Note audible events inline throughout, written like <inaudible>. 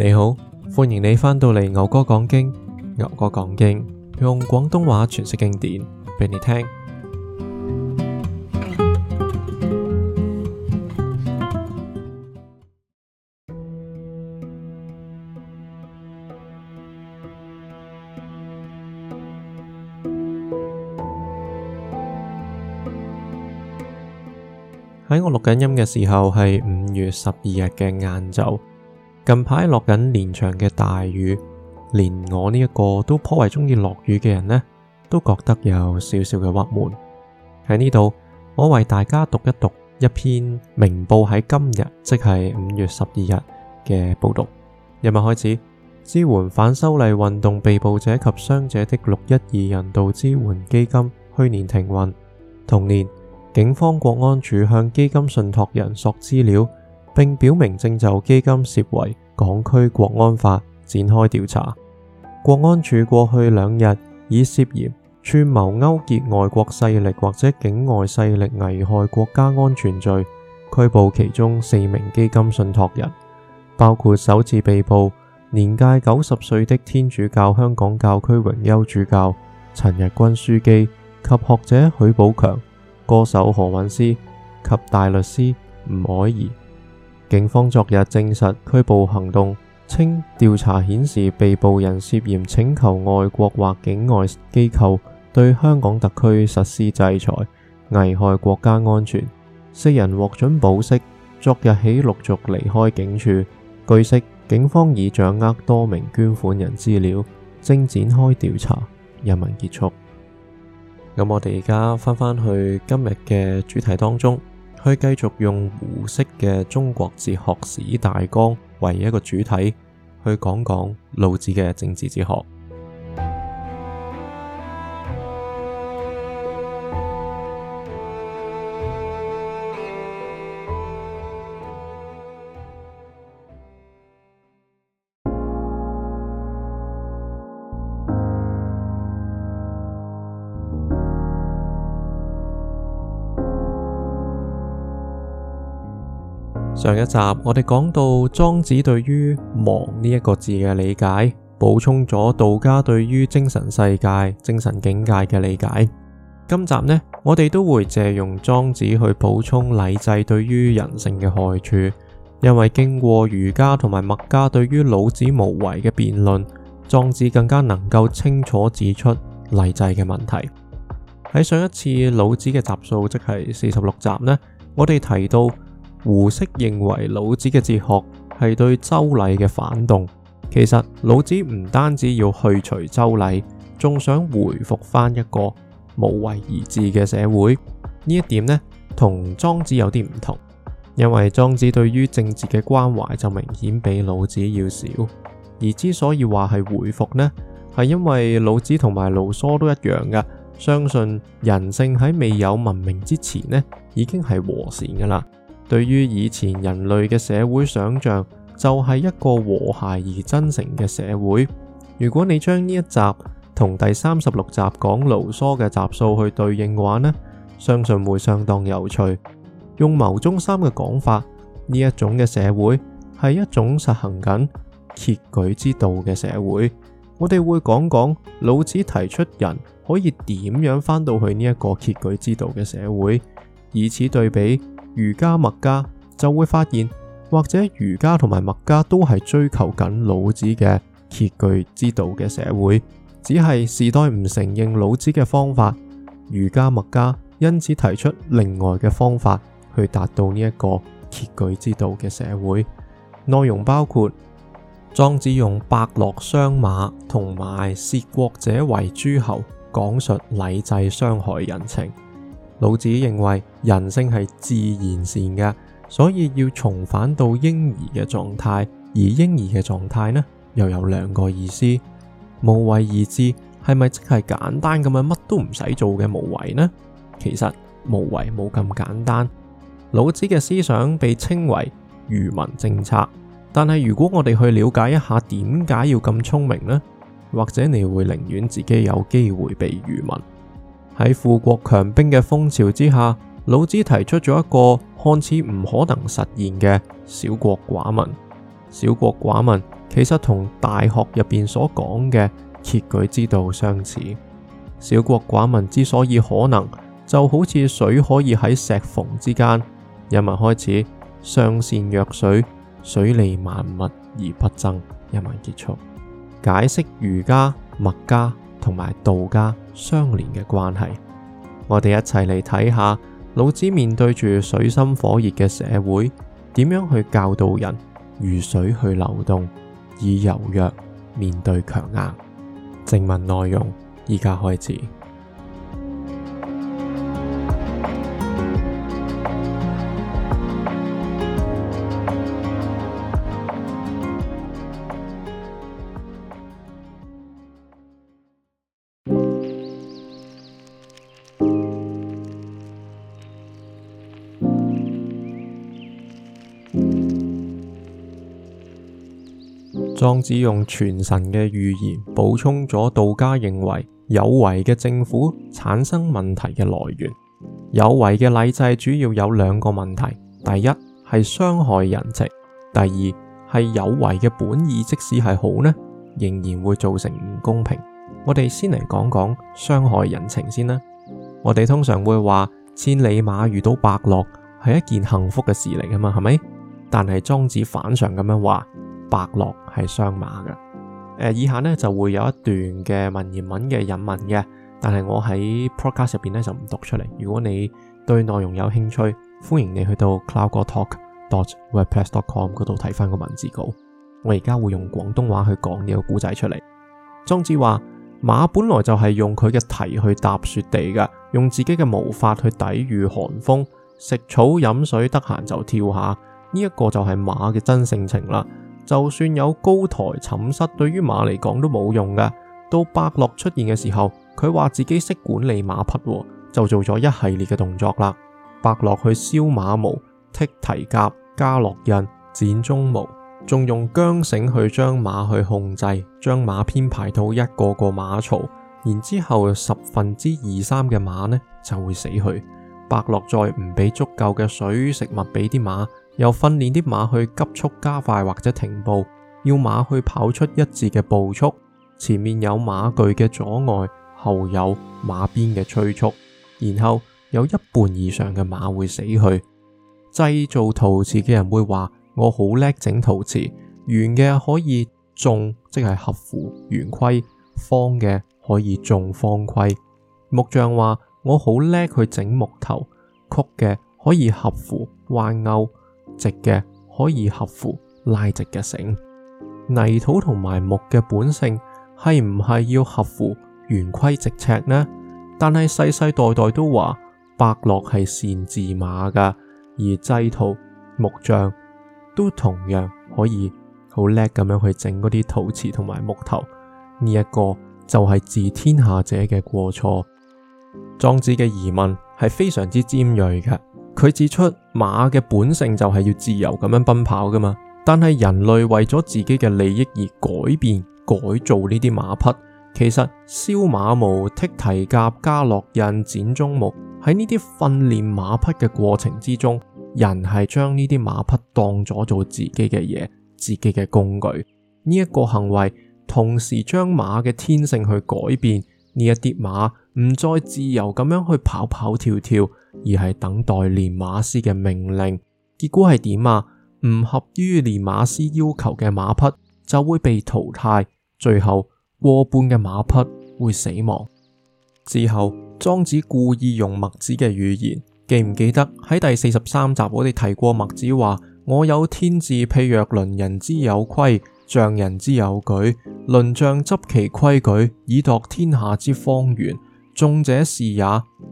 你好，歡迎你翻到嚟牛哥講經。牛哥講經，用廣東話詮釋經典畀你聽。喺我錄緊音嘅時候，係五月十二日嘅晏晝。近排落緊連場嘅大雨，連我呢一個都頗為鍾意落雨嘅人呢，都覺得有少少嘅鬱悶。喺呢度，我為大家讀一讀一篇明報喺今日，即係五月十二日嘅報道。日日開始，支援反修例運動被捕者及傷者的六一二人道支援基金去年停運，同年警方國安處向基金信託人索資料。並表明正就基金涉違港區國安法展開調查。國安處過去兩日以涉嫌串謀勾結外國勢力或者境外勢力危害國家安全罪，拘捕其中四名基金信託人，包括首次被捕年屆九十歲的天主教香港教區榮休主教陳日君樞機及學者許寶強、歌手何韻詩及大律師吳凱儀。警方昨日證實拘捕行動，稱調查顯示被捕人涉嫌請求外國或境外機構對香港特區實施制裁，危害國家安全。四人獲准保釋，昨日起陸續離開警署。據悉，警方已掌握多名捐款人資料，正展開調查。新聞結束。咁我哋而家翻返去今日嘅主題當中。去繼續用胡適嘅中國哲學史大綱為一個主題，去講講老子嘅政治哲學。上一集我哋講到莊子對於「忘」呢、這、一個字嘅理解，補充咗道家對於精神世界、精神境界嘅理解。今集呢，我哋都會借用莊子去補充禮制對於人性嘅害處，因為經過儒家同埋墨家對於老子無為嘅辯論，莊子更加能夠清楚指出禮制嘅問題。喺上一次老子嘅集數，即係四十六集呢，我哋提到。胡適認為老子嘅哲學係對周禮嘅反動，其實老子唔單止要去除周禮，仲想回復翻一個無為而治嘅社會。呢一點呢，同莊子有啲唔同，因為莊子對於政治嘅關懷就明顯比老子要少。而之所以話係回復呢，係因為老子同埋盧梭都一樣噶，相信人性喺未有文明之前呢，已經係和善噶啦。對於以前人類嘅社會想象，就係一個和諧而真誠嘅社會。如果你將呢一集同第三十六集講盧梭嘅集數去對應嘅話呢，相信會相當有趣。用牟宗三嘅講法，呢一種嘅社會係一種實行緊絜矩之道嘅社會。我哋會講講老子提出人可以點樣返到去呢一個絜矩之道嘅社會，以此對比。儒家、墨家就會發現，或者儒家同埋墨家都係追求緊老子嘅絜矩之道嘅社會，只係時代唔承認老子嘅方法，儒家、墨家因此提出另外嘅方法去達到呢一個絜矩之道嘅社會。內容包括 <noise> 莊子用伯樂傷馬同埋竊國者為諸侯，講述禮制傷害人情。老子認為人性係自然善嘅，所以要重返到嬰兒嘅狀態。而嬰兒嘅狀態呢，又有兩個意思：無為而治，係咪即係簡單咁樣乜都唔使做嘅無為呢？其實無為冇咁簡單。老子嘅思想被稱為愚民政策，但係如果我哋去了解一下點解要咁聰明呢？或者你會寧願自己有機會被愚民？喺富國強兵嘅風潮之下，老子提出咗一個看似唔可能實現嘅小國寡民。小國寡民其實同《大學》入邊所講嘅“絜矩之道”相似。小國寡民之所以可能，就好似水可以喺石縫之間。一文開始，上善若水，水利萬物而不爭。一文結束，解釋儒家、墨家。同埋道家相連嘅關係，我哋一齊嚟睇下老子面對住水深火熱嘅社會，點樣去教導人如水去流動，以柔弱面對強硬。正文內容，依家開始。莊子用全神嘅寓言補充咗道家認為有為嘅政府產生問題嘅來源。有為嘅禮制主要有兩個問題：第一係傷害人情，第二係有為嘅本意，即使係好呢，仍然會造成唔公平。我哋先嚟講講傷害人情先啦。我哋通常會話千里馬遇到伯樂係一件幸福嘅事嚟㗎嘛，係咪？但係莊子反常咁樣話。伯樂係傷馬嘅。呃，以下呢就會有一段嘅文言文嘅引文嘅，但係我喺 podcast 入邊咧就唔讀出嚟。如果你對內容有興趣，歡迎你去到 cowgortalk.wordpress.com 嗰度睇翻個文字稿。我而家會用廣東話去講呢個故仔出嚟。莊子話：馬本來就係用佢嘅蹄去踏雪地嘅，用自己嘅毛髮去抵御寒風，食草飲水，得閒就跳下。呢、這、一個就係馬嘅真性情啦。就算有高台寢室，對於馬嚟講都冇用嘅。到伯樂出現嘅時候，佢話自己識管理馬匹，就做咗一系列嘅動作啦。伯樂去燒馬毛、剔蹄甲、加烙印、剪鬃毛，仲用韁繩去將馬去控制，將馬編排到一個個馬槽，然之後十分之二三嘅馬呢就會死去。伯樂再唔俾足夠嘅水食物俾啲馬。又訓練啲馬去急速加快或者停步，要馬去跑出一致嘅步速。前面有馬具嘅阻礙，後有馬鞭嘅催促，然後有一半以上嘅馬會死去。製造陶瓷嘅人會話：我好叻整陶瓷，圓嘅可以種，即係合乎圓規；方嘅可以種方規。木匠話：我好叻去整木頭，曲嘅可以合乎彎勾。直嘅可以合乎拉直嘅繩，泥土同埋木嘅本性係唔係要合乎圓規直尺呢？但係世世代代都話伯樂係善治馬噶，而製陶木匠都同樣可以好叻咁樣去整嗰啲陶瓷同埋木頭，呢、這、一個就係治天下者嘅過錯。莊子嘅疑問係非常之尖銳嘅。佢指出，馬嘅本性就係要自由咁樣奔跑噶嘛，但係人類為咗自己嘅利益而改變、改造呢啲馬匹，其實燒馬毛、剔蹄甲、加烙印、剪鬃毛，喺呢啲訓練馬匹嘅過程之中，人係將呢啲馬匹當咗做自己嘅嘢、自己嘅工具。呢、這、一個行為，同時將馬嘅天性去改變，呢一啲馬唔再自由咁樣去跑跑跳跳。而係等待練馬師嘅命令，結果係點啊？唔合於練馬師要求嘅馬匹就會被淘汰，最後過半嘅馬匹會死亡。之後莊子故意用墨子嘅語言，記唔記得喺第四十三集我哋提過墨子話：我有天志，譬若輪人之有規，匠人之有矩，輪匠執其規矩，以度天下之方圓。中者是也，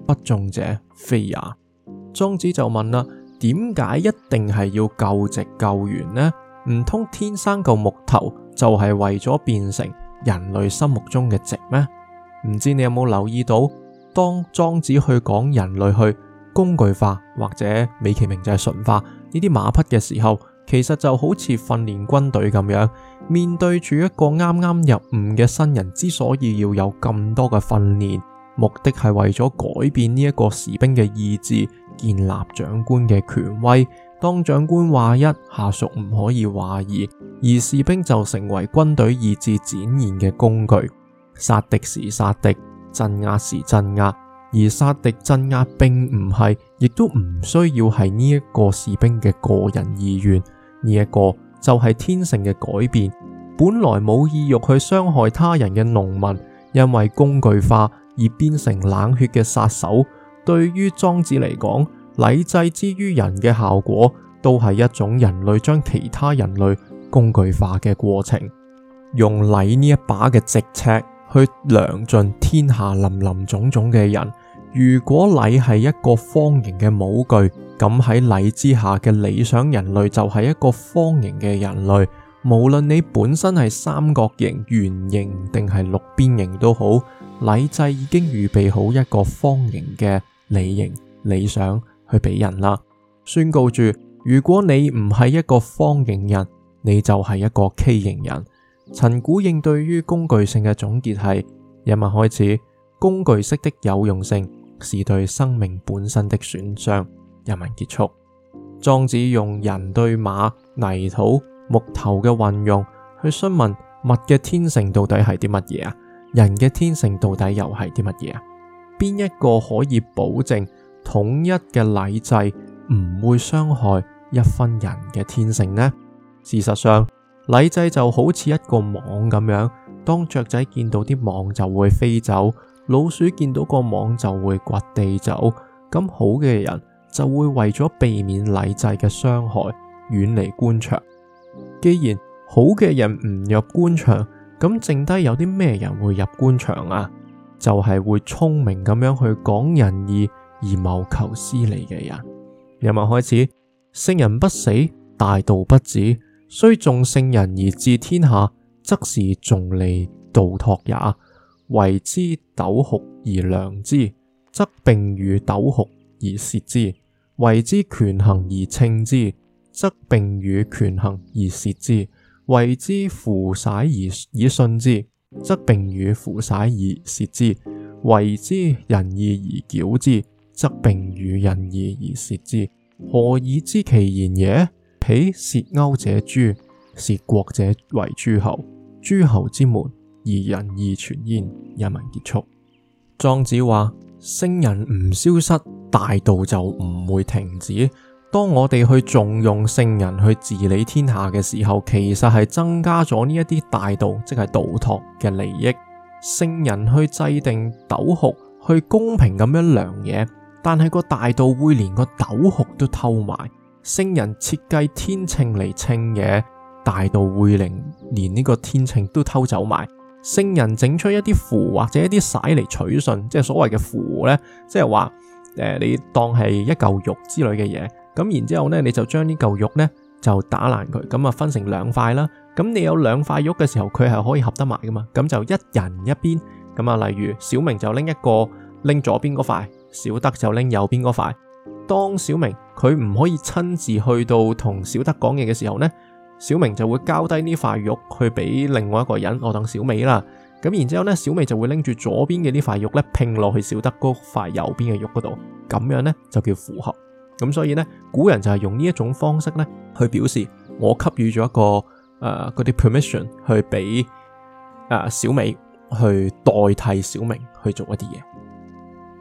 不中者非也。莊子就問啦，點解一定係要求直求圓呢？唔通天生嚿木頭就係為咗變成人類心目中嘅直咩？唔知你有冇留意到，當莊子去講人類去工具化或者美其名就係純化呢啲馬匹嘅時候，其實就好似訓練軍隊咁樣，面對住一個啱啱入伍嘅新人，之所以要有咁多嘅訓練。目的係為咗改變呢一個士兵嘅意志，建立長官嘅權威。當長官話一，下屬唔可以話二，而士兵就成為軍隊意志展現嘅工具。殺敵是殺敵，鎮壓是鎮壓，而殺敵鎮壓並唔係，亦都唔需要係呢一個士兵嘅個人意願。呢一個就係天性嘅改變。本來冇意欲去傷害他人嘅農民，因為工具化，而變成冷血嘅殺手，對於莊子嚟講，禮制之於人嘅效果，都係一種人類將其他人類工具化嘅過程。用禮呢一把嘅直尺去量盡天下林林總總嘅人。如果禮係一個方形嘅模具，咁喺禮之下嘅理想人類就係一個方形嘅人類。無論你本身係三角形、圓形定係六邊形都好。禮制已經預備好一個方形嘅理型理想去俾人啦，宣告住如果你唔係一個方形人，你就係一個畸形人。陳鼓應對於工具性嘅總結係：引文開始，工具式的有用性是對生命本身的損傷。引文結束，莊子用人對馬、泥土、木頭嘅運用去詢問物嘅天性到底係啲乜嘢啊？人嘅天性到底又係啲乜嘢啊？邊一個可以保證統一嘅禮制唔會傷害一分人嘅天性呢？事實上，禮制就好似一個網咁樣，當雀仔見到啲網就會飛走，老鼠見到個網就會掘地走。咁好嘅人就會為咗避免禮制嘅傷害，遠離官場。既然好嘅人唔入官場，咁剩低有啲咩人會入官場啊？就係會聰明咁樣去講仁義而謀求私利嘅人。今日開始，聖人不死，大盜不止。雖重聖人而治天下，則是重利盜跖也。為之斗斛而量之，則並與斗斛而竊之；為之權衡而稱之，則並與權衡而竊之。為之符璽而以信之，則并與符璽而竊之；為之仁義而矯之，則并與仁義而竊之。何以知其然也？彼竊鉤者誅，竊國者為諸侯。諸侯之門，而仁義存焉。一文結束。莊子話：聖人唔消失，大盜就唔會停止。當我哋去重用聖人去治理天下嘅時候，其實係增加咗呢一啲大盜，即係盜托嘅利益。聖人去制定斗斛，去公平咁樣量嘢，但係個大盜會連個斗斛都偷埋。聖人設計天秤嚟稱嘢，大盜會令連呢個天秤都偷走埋。聖人整出一啲符或者一啲璽嚟取信，即係所謂嘅符呢，即係話誒，你當係一嚿肉之類嘅嘢。咁然之後咧，你就將呢嚿肉呢就打爛佢，咁啊分成兩塊啦。咁你有兩塊肉嘅時候，佢係可以合得埋噶嘛？咁就一人一邊。咁啊，例如小明就拎一個拎左邊嗰塊，小德就拎右邊嗰塊。當小明佢唔可以親自去到同小德講嘢嘅時候呢，小明就會交低呢塊肉去俾另外一個人，我等小美啦。咁然之後咧，小美就會拎住左邊嘅呢塊肉呢，拼落去小德嗰塊右邊嘅肉嗰度，咁樣呢，就叫符合。咁所以咧，古人就係用呢一種方式咧，去表示我給予咗一個誒嗰啲 permission 去俾誒、呃、小美去代替小明去做一啲嘢。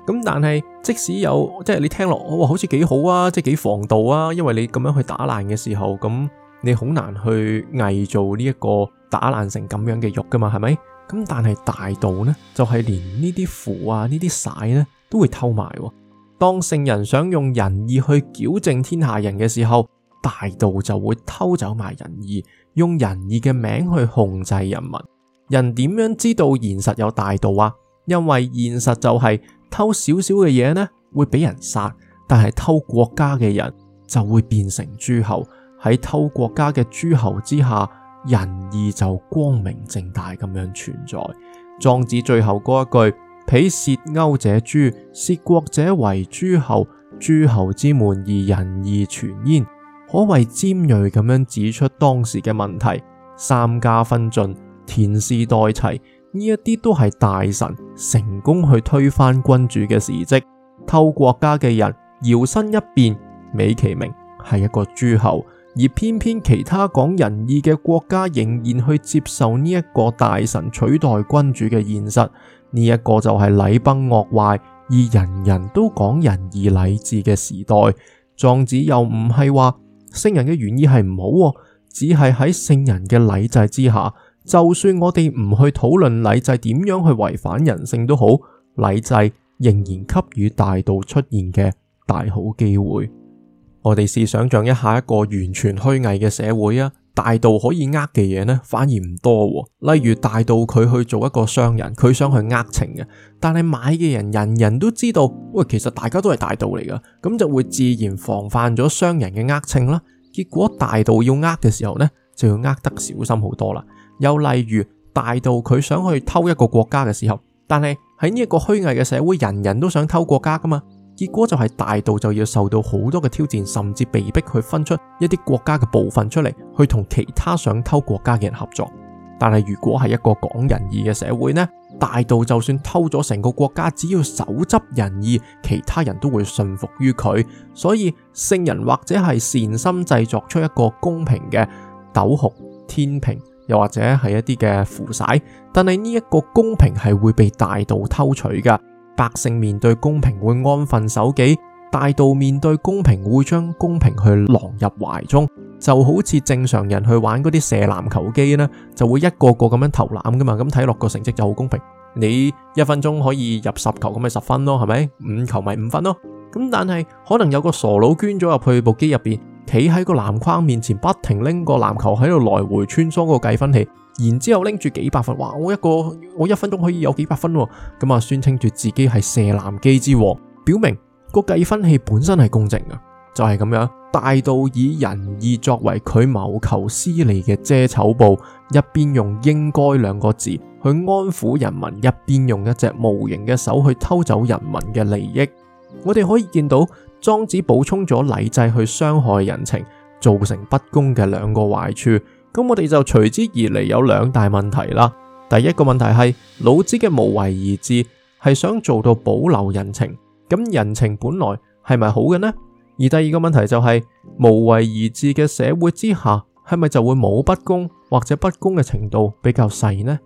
咁但係即使有，即係你聽落，哇，好似幾好啊，即係幾防盜啊，因為你咁樣去打爛嘅時候，咁你好難去偽造呢一個打爛成咁樣嘅肉噶嘛，係咪？咁但係大盜咧，就係、是、連呢啲符啊，呢啲璽咧，都會偷埋、喎。當聖人想用仁義去矯正天下人嘅時候，大道就會偷走埋仁義，用仁義嘅名去控制人民。人點樣知道現實有大道啊？因為現實就係、是、偷少少嘅嘢呢，會俾人殺，但係偷國家嘅人就會變成諸侯。喺偷國家嘅諸侯之下，仁義就光明正大咁樣存在。莊子最後嗰一句。彼竊鈎者誅，竊國者為諸侯。諸侯之門而仁義存焉，可謂尖銳咁樣指出當時嘅問題。三家分晉，田氏代齊，呢一啲都係大臣成功去推翻君主嘅事跡。偷國家嘅人搖身一變，美其名係一個諸侯。而偏偏其他講仁義嘅國家仍然去接受呢一個大臣取代君主嘅現實，呢、這、一個就係禮崩樂壞而人人都講仁義禮智嘅時代。莊子又唔係話聖人嘅原意係唔好、啊，只係喺聖人嘅禮制之下，就算我哋唔去討論禮制點樣去違反人性都好，禮制仍然給予大盜出現嘅大好機會。我哋試想象一下一個完全虛偽嘅社會啊，大盜可以呃嘅嘢呢，反而唔多。例如大盜，佢去做一個商人，佢想去呃秤嘅，但係買嘅人人人都知道，喂，其實大家都係大盜嚟噶，咁就會自然防範咗商人嘅呃秤啦。結果大盜要呃嘅時候呢，就要呃得小心好多啦。又例如大盜，佢想去偷一個國家嘅時候，但係喺呢一個虛偽嘅社會，人人都想偷國家噶嘛。結果就係大盜就要受到好多嘅挑戰，甚至被逼去分出一啲國家嘅部分出嚟，去同其他想偷國家嘅人合作。但係如果係一個講仁義嘅社會呢，大盜就算偷咗成個國家，只要手執仁義，其他人都會信服於佢。所以聖人或者係善心製作出一個公平嘅斗斛、天平，又或者係一啲嘅符璽，但係呢一個公平係會被大盜偷取噶。百姓面對公平會安分守己，大度面對公平會將公平去攞入懷中，就好似正常人去玩嗰啲射籃球機呢，就會一個個咁樣投籃噶嘛，咁睇，落個成績就好公平。你一分鐘可以入十球咁咪十分咯，係咪？五球咪五分咯。咁但係可能有個傻佬捐咗入去部機入邊，企喺個籃框面前不停拎個籃球喺度來回穿梭個計分器。然之後拎住幾百分，哇！我一個我一分鐘可以有幾百分喎、哦，咁啊宣稱住自己係射籃機之王，表明、這個計分器本身係公正嘅，就係、是、咁樣。大盜以仁義作為佢謀求私利嘅遮醜布，一邊用應該兩個字去安撫人民，一邊用一隻無形嘅手去偷走人民嘅利益。我哋可以見到莊子補充咗禮制去傷害人情，造成不公嘅兩個壞處。咁我哋就隨之而嚟，有兩大問題啦。第一個問題係老子嘅無為而治係想做到保留人情，咁人情本來係咪好嘅呢？而第二個問題就係、是、無為而治嘅社會之下，係咪就會冇不公或者不公嘅程度比較細呢？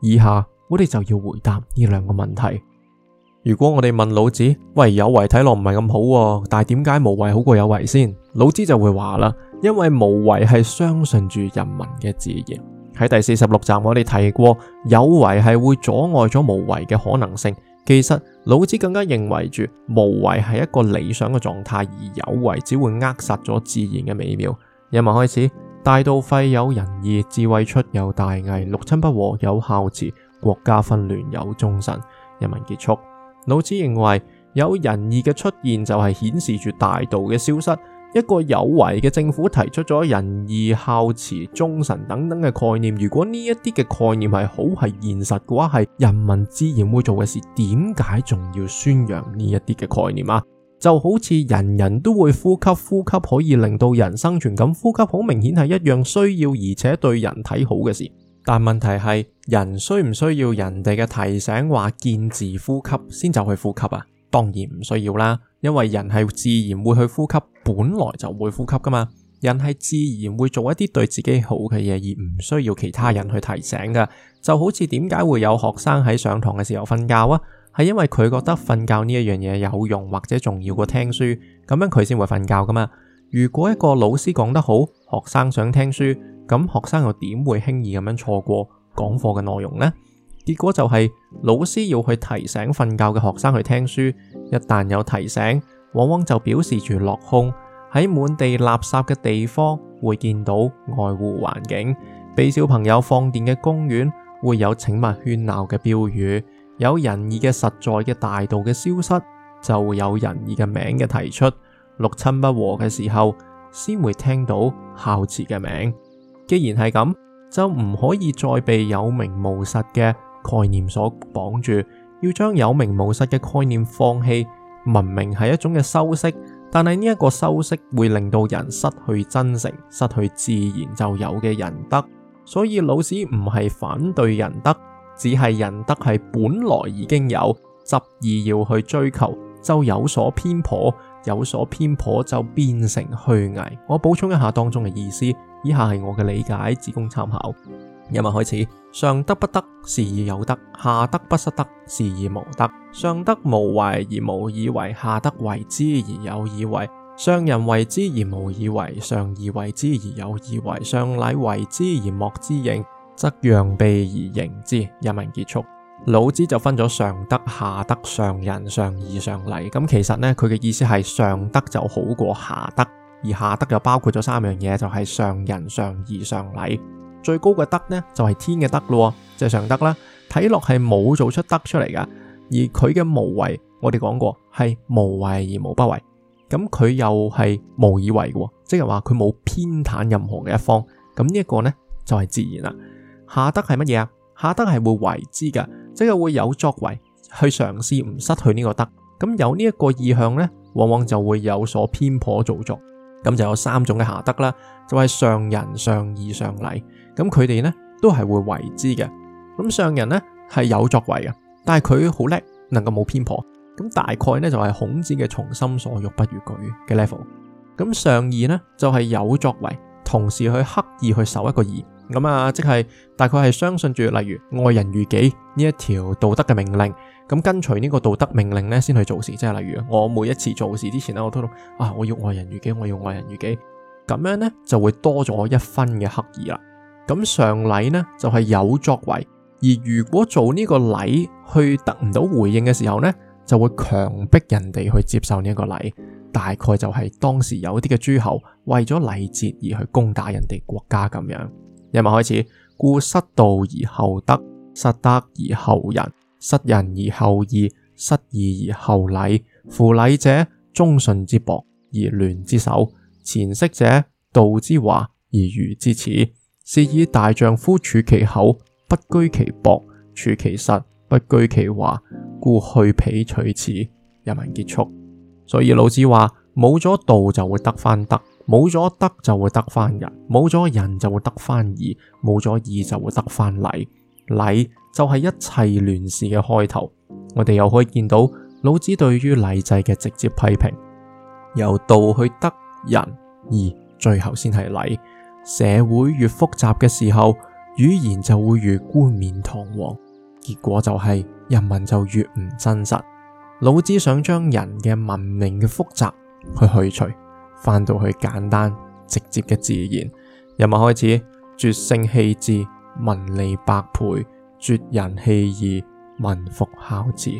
以下我哋就要回答呢兩個問題。如果我哋問老子：喂，有為睇落唔係咁好、啊，但係點解無為好過有為先？老子就會話啦，因為無為係相信住人民嘅自然。喺第四十六集我哋提過有為係會阻礙咗無為嘅可能性。其實老子更加認為住無為係一個理想嘅狀態，而有為只會扼殺咗自然嘅美妙。引文開始，大道廢，有仁義；智慧出，有大偽；六親不和，有孝慈；國家紛亂，有忠臣。引文結束，老子認為有仁義嘅出現就係顯示住大道嘅消失。一個有為嘅政府提出咗仁義、孝慈、忠臣等等嘅概念，如果呢一啲嘅概念係好係現實嘅話，係人民自然會做嘅事，點解仲要宣揚呢一啲嘅概念啊？就好似人人都會呼吸，呼吸可以令到人生存咁，呼吸好明顯係一樣需要而且對人體好嘅事。但問題係人需唔需要人哋嘅提醒話見字呼吸先就去呼吸啊？當然唔需要啦。因為人係自然會去呼吸，本來就會呼吸噶嘛。人係自然會做一啲對自己好嘅嘢，而唔需要其他人去提醒噶。就好似點解會有學生喺上堂嘅時候瞓覺啊？係因為佢覺得瞓覺呢一樣嘢有用或者重要過聽書，咁樣佢先會瞓覺噶嘛。如果一個老師講得好，學生想聽書，咁學生又點會輕易咁樣錯過講課嘅內容呢？結果就係、是、老師要去提醒瞓覺嘅學生去聽書，一旦有提醒，往往就表示住落空。喺滿地垃圾嘅地方會見到愛護環境，俾小朋友放電嘅公園會有請勿喧鬧嘅標語。有仁義嘅實在嘅大道嘅消失，就會有仁義嘅名嘅提出。六親不和嘅時候，先會聽到孝慈嘅名。既然係咁，就唔可以再被有名無實嘅。概念所綁住，要將有名無實嘅概念放棄。文明係一種嘅修飾，但係呢一個修飾會令到人失去真誠，失去自然就有嘅仁德。所以老子唔係反對仁德，只係仁德係本來已經有，執意要去追求就有所偏頗，有所偏頗就變成虛偽。我補充一下當中嘅意思，以下係我嘅理解，只供參考。一文開始，上德不德，是以有德；下德不失德，是以無德。上德無為而無以為，下德為之而有以為。上仁為之而無以為，上義為之而有以為，上禮為之而莫之應，則攘臂而扔之。一文結束。老子就分咗上德、下德、上仁、上義、上禮。咁其實呢，佢嘅意思係上德就好過下德，而下德就包括咗三樣嘢，就係、是、上仁、上義、上禮。最高嘅德呢，就係天嘅德咯，即係上德啦。睇落係冇做出德出嚟噶，而佢嘅無為，我哋講過係無為而無不為，咁佢又係無以為嘅，即係話佢冇偏袒任何嘅一方。咁呢一個呢就係自然啦。下德係乜嘢啊？下德係會為之噶，即係會有作為去嘗試，唔失去呢個德。咁有呢一個意向呢，往往就會有所偏頗做作。咁就有三種嘅下德啦，就係上仁、上義、上禮。上禮咁佢哋呢都係會為之嘅。咁上人呢係有作為嘅，但係佢好叻，能夠冇偏頗。咁大概呢就係、是、孔子嘅從心所欲不逾矩嘅 level。咁上義呢就係、是、有作為，同時去刻意去守一個義。咁啊，即係大概係相信住，例如愛人如己呢一條道德嘅命令，咁跟隨呢個道德命令呢先去做事。即係例如我每一次做事之前呢，我都諗啊，我要愛人如己，我要愛人如己，咁樣呢就會多咗一分嘅刻意啦。咁上禮呢就係、是、有作為，而如果做呢個禮去得唔到回應嘅時候呢，就會強迫人哋去接受呢一個禮。大概就係當時有啲嘅諸侯為咗禮節而去攻打人哋國家咁樣。一文開始，故失道而後德，失德而後仁，失仁而後義，失義而後禮。夫禮者，忠信之薄，而亂之首。前識者，道之華，而愚之始。是以大丈夫處其厚，不居其薄；處其實，不居其華。故去彼取此。人民結束。所以老子話：冇咗道就會得返德，冇咗德就會得返仁，冇咗仁就會得返義，冇咗義就會得返禮。禮就係一切亂事嘅開頭。我哋又可以見到老子對於禮制嘅直接批評。由道去得仁義，最後先係禮。社會越複雜嘅時候，語言就會越冠冕堂皇，結果就係人民就越唔真實。老子想將人嘅文明嘅複雜去去除，返到去簡單直接嘅自然。人民開始。絕聖棄智，民利百倍；絕仁棄義，民復孝慈；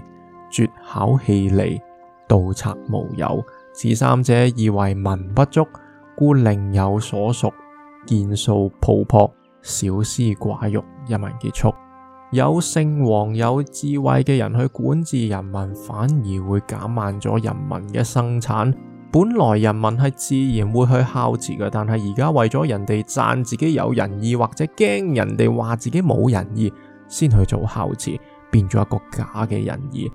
絕巧棄利，盜賊無有。此三者，以為文不足，故令有所屬。見素抱樸，少私寡欲，人民結束。有聖王有智慧嘅人去管治人民，反而會減慢咗人民嘅生產。本來人民係自然會去孝慈嘅，但係而家為咗人哋讚自己有仁義，或者驚人哋話自己冇仁義，先去做孝慈，變咗一個假嘅仁義。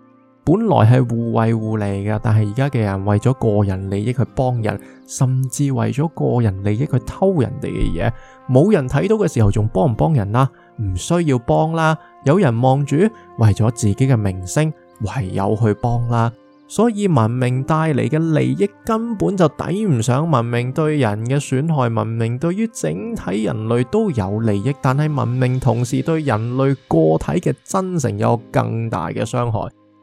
本來係互惠互利㗎，但係而家嘅人為咗個人利益去幫人，甚至為咗個人利益去偷人哋嘅嘢，冇人睇到嘅時候仲幫唔幫人啦？唔需要幫啦。有人望住為咗自己嘅名聲，唯有去幫啦。所以文明帶嚟嘅利益根本就抵唔上文明對人嘅損害。文明對於整體人類都有利益，但係文明同時對人類個體嘅真誠有更大嘅傷害。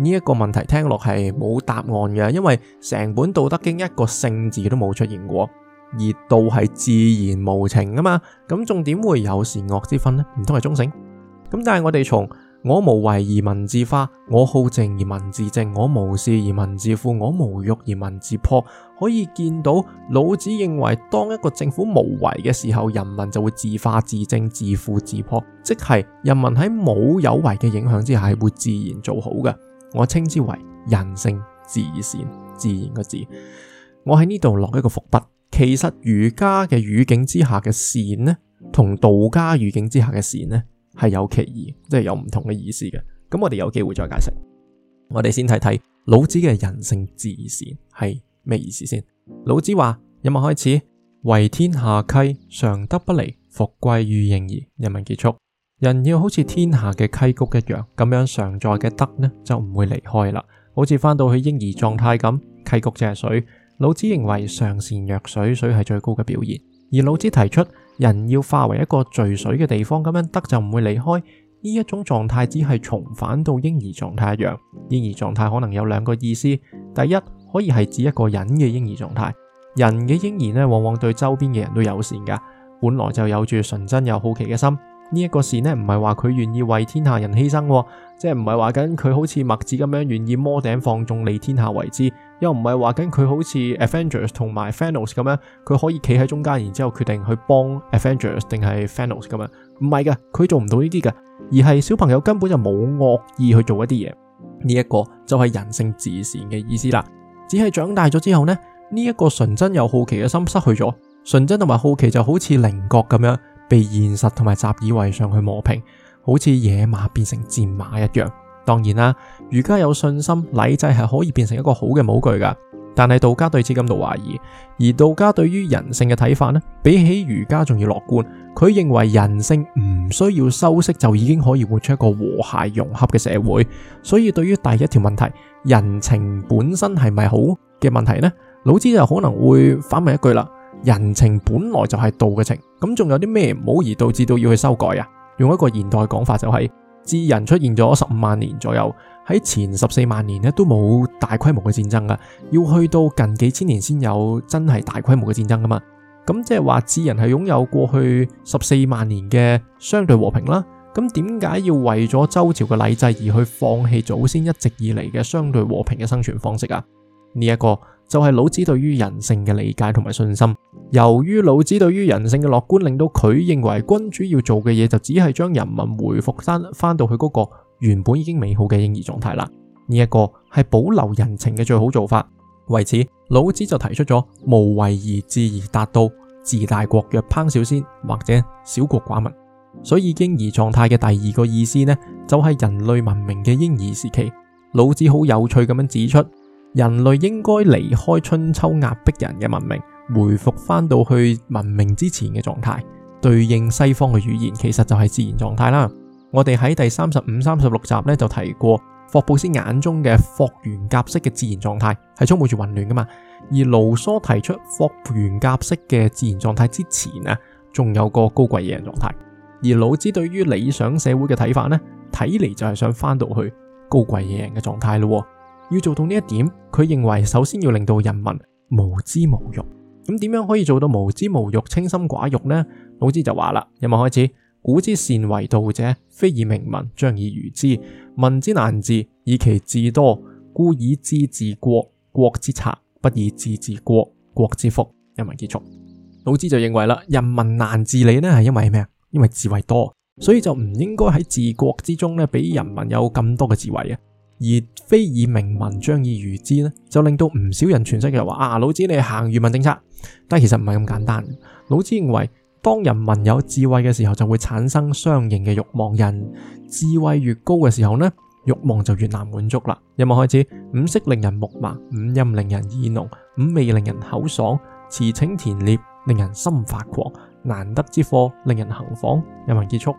呢一個問題聽落係冇答案嘅，因為成本道德經一個性字都冇出現過，而道係自然無情噶嘛，咁仲點會有善惡之分咧？唔通係中性？咁但係我哋從我無為而民自化，我好靜而民自正，我無事而民自富，我無欲而民自破，可以見到老子認為當一個政府無為嘅時候，人民就會自化、自正、自富、自破，即係人民喺冇有，有為嘅影響之下，係會自然做好嘅。我稱之為人性自善自然嘅自，我喺呢度落一個伏筆。其實儒家嘅語境之下嘅善呢，同道家語境之下嘅善呢，係有歧義，即係有唔同嘅意思嘅。咁我哋有機會再解釋。我哋先睇睇老子嘅人性自善係咩意思先。老子話：引文開始，為天下溪，常德不離，復歸於嬰兒。引文結束。人要好似天下嘅溪谷一樣，咁樣常在嘅德呢，就唔會離開啦。好似返到去嬰兒狀態咁，溪谷就係水。老子認為上善若水，水係最高嘅表現。而老子提出人要化為一個聚水嘅地方，咁樣德就唔會離開。呢一種狀態只係重返到嬰兒狀態一樣。嬰兒狀態可能有兩個意思，第一可以係指一個人嘅嬰兒狀態，人嘅嬰兒呢，往往對周邊嘅人都友善㗎，本來就有住純真又好奇嘅心。呢一個事呢，唔係話佢願意為天下人犧牲，哦，即係唔係話緊佢好似墨子咁樣願意摩頂放踵利天下為之，又唔係話緊佢好似 Avengers 同埋 Thanos 咁樣，佢可以企喺中間，然之後決定去幫 Avengers 定係 Thanos 咁樣，唔係噶，佢做唔到呢啲噶，而係小朋友根本就冇惡意去做一啲嘢，呢一個就係人性自善嘅意思啦。只係長大咗之後呢，呢、這、一個純真又好奇嘅心失去咗，純真同埋好奇就好似靈覺咁樣。被現實同埋習以為常去磨平，好似野馬變成戰馬一樣。當然啦，儒家有信心禮制係可以變成一個好嘅武具㗎，但係道家對此感到懷疑。而道家對於人性嘅睇法呢，比起儒家仲要樂觀。佢認為人性唔需要修飾就已經可以活出一個和諧融洽嘅社會。所以對於第一條問題，人情本身係咪好嘅問題呢？老子就可能會反問一句啦：人情本來就係道嘅情。咁仲有啲咩唔好而導致到要去修改啊？用一個現代講法就係，智人出現咗十五萬年左右，喺前十四萬年咧都冇大規模嘅戰爭噶，要去到近幾千年先有真係大規模嘅戰爭噶嘛？咁即係話智人係擁有過去十四萬年嘅相對和平啦。咁點解要為咗周朝嘅禮制而去放棄祖先一直以嚟嘅相對和平嘅生存方式啊？呢一個就係老子對於人性嘅理解同埋信心。由於老子對於人性嘅樂觀，令到佢認為君主要做嘅嘢就只係將人民回復翻翻到去嗰個原本已經美好嘅嬰兒狀態啦。呢、這、一個係保留人情嘅最好做法。為此，老子就提出咗無為而治而達到治大國若烹小鮮或者小國寡民。所以嬰兒狀態嘅第二個意思呢，就係、是、人類文明嘅嬰兒時期。老子好有趣咁樣指出，人類應該離開春秋壓迫人嘅文明。回復翻到去文明之前嘅狀態，對應西方嘅語言，其實就係自然狀態啦。我哋喺第三十五、三十六集呢，就提過，霍布斯眼中嘅霍元甲式嘅自然狀態係充滿住混亂噶嘛。而盧梭提出霍元甲式嘅自然狀態之前啊，仲有個高貴野人狀態。而老子對於理想社會嘅睇法呢，睇嚟就係想翻到去高貴野人嘅狀態咯。要做到呢一點，佢認為首先要令到人民無知無欲。咁點樣可以做到無知無欲、清心寡欲呢？老子就話啦，引文開始，古之善為道者，非以明民，將以愚之。民之難治，以其智多，故以智治，治國，國之賊；不以智治，治國，國之福。引文結束，老子就認為啦，人民難治理呢，係因為咩啊？因為智慧多，所以就唔應該喺治國之中呢，俾人民有咁多嘅智慧啊！而非以明文將以愚之呢，就令到唔少人詮釋嘅話啊。老子你行愚民政策，但其實唔係咁簡單。老子認為，當人民有智慧嘅時候，就會產生相應嘅慾望人。人智慧越高嘅時候呢，慾望就越難滿足啦。引文開始，五色令人目盲，五音令人耳聾，五味令人口爽，馳騁畋獵令人心發狂，難得之貨令人行妨。引文結束，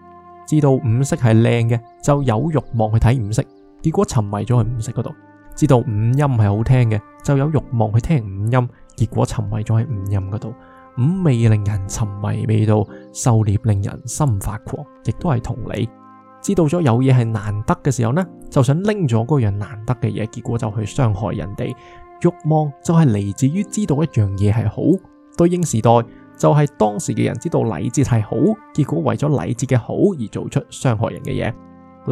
知道五色係靚嘅，就有慾望去睇五色。結果沉迷咗喺五色嗰度，知道五音係好聽嘅，就有欲望去聽五音。結果沉迷咗喺五音嗰度，五味令人沉迷，味道狩獵令人心發狂，亦都係同理。知道咗有嘢係難得嘅時候呢，就想拎咗嗰樣難得嘅嘢，結果就去傷害人哋。欲望就係嚟自於知道一樣嘢係好。對應時代就係、是、當時嘅人知道禮節係好，結果為咗禮節嘅好而做出傷害人嘅嘢，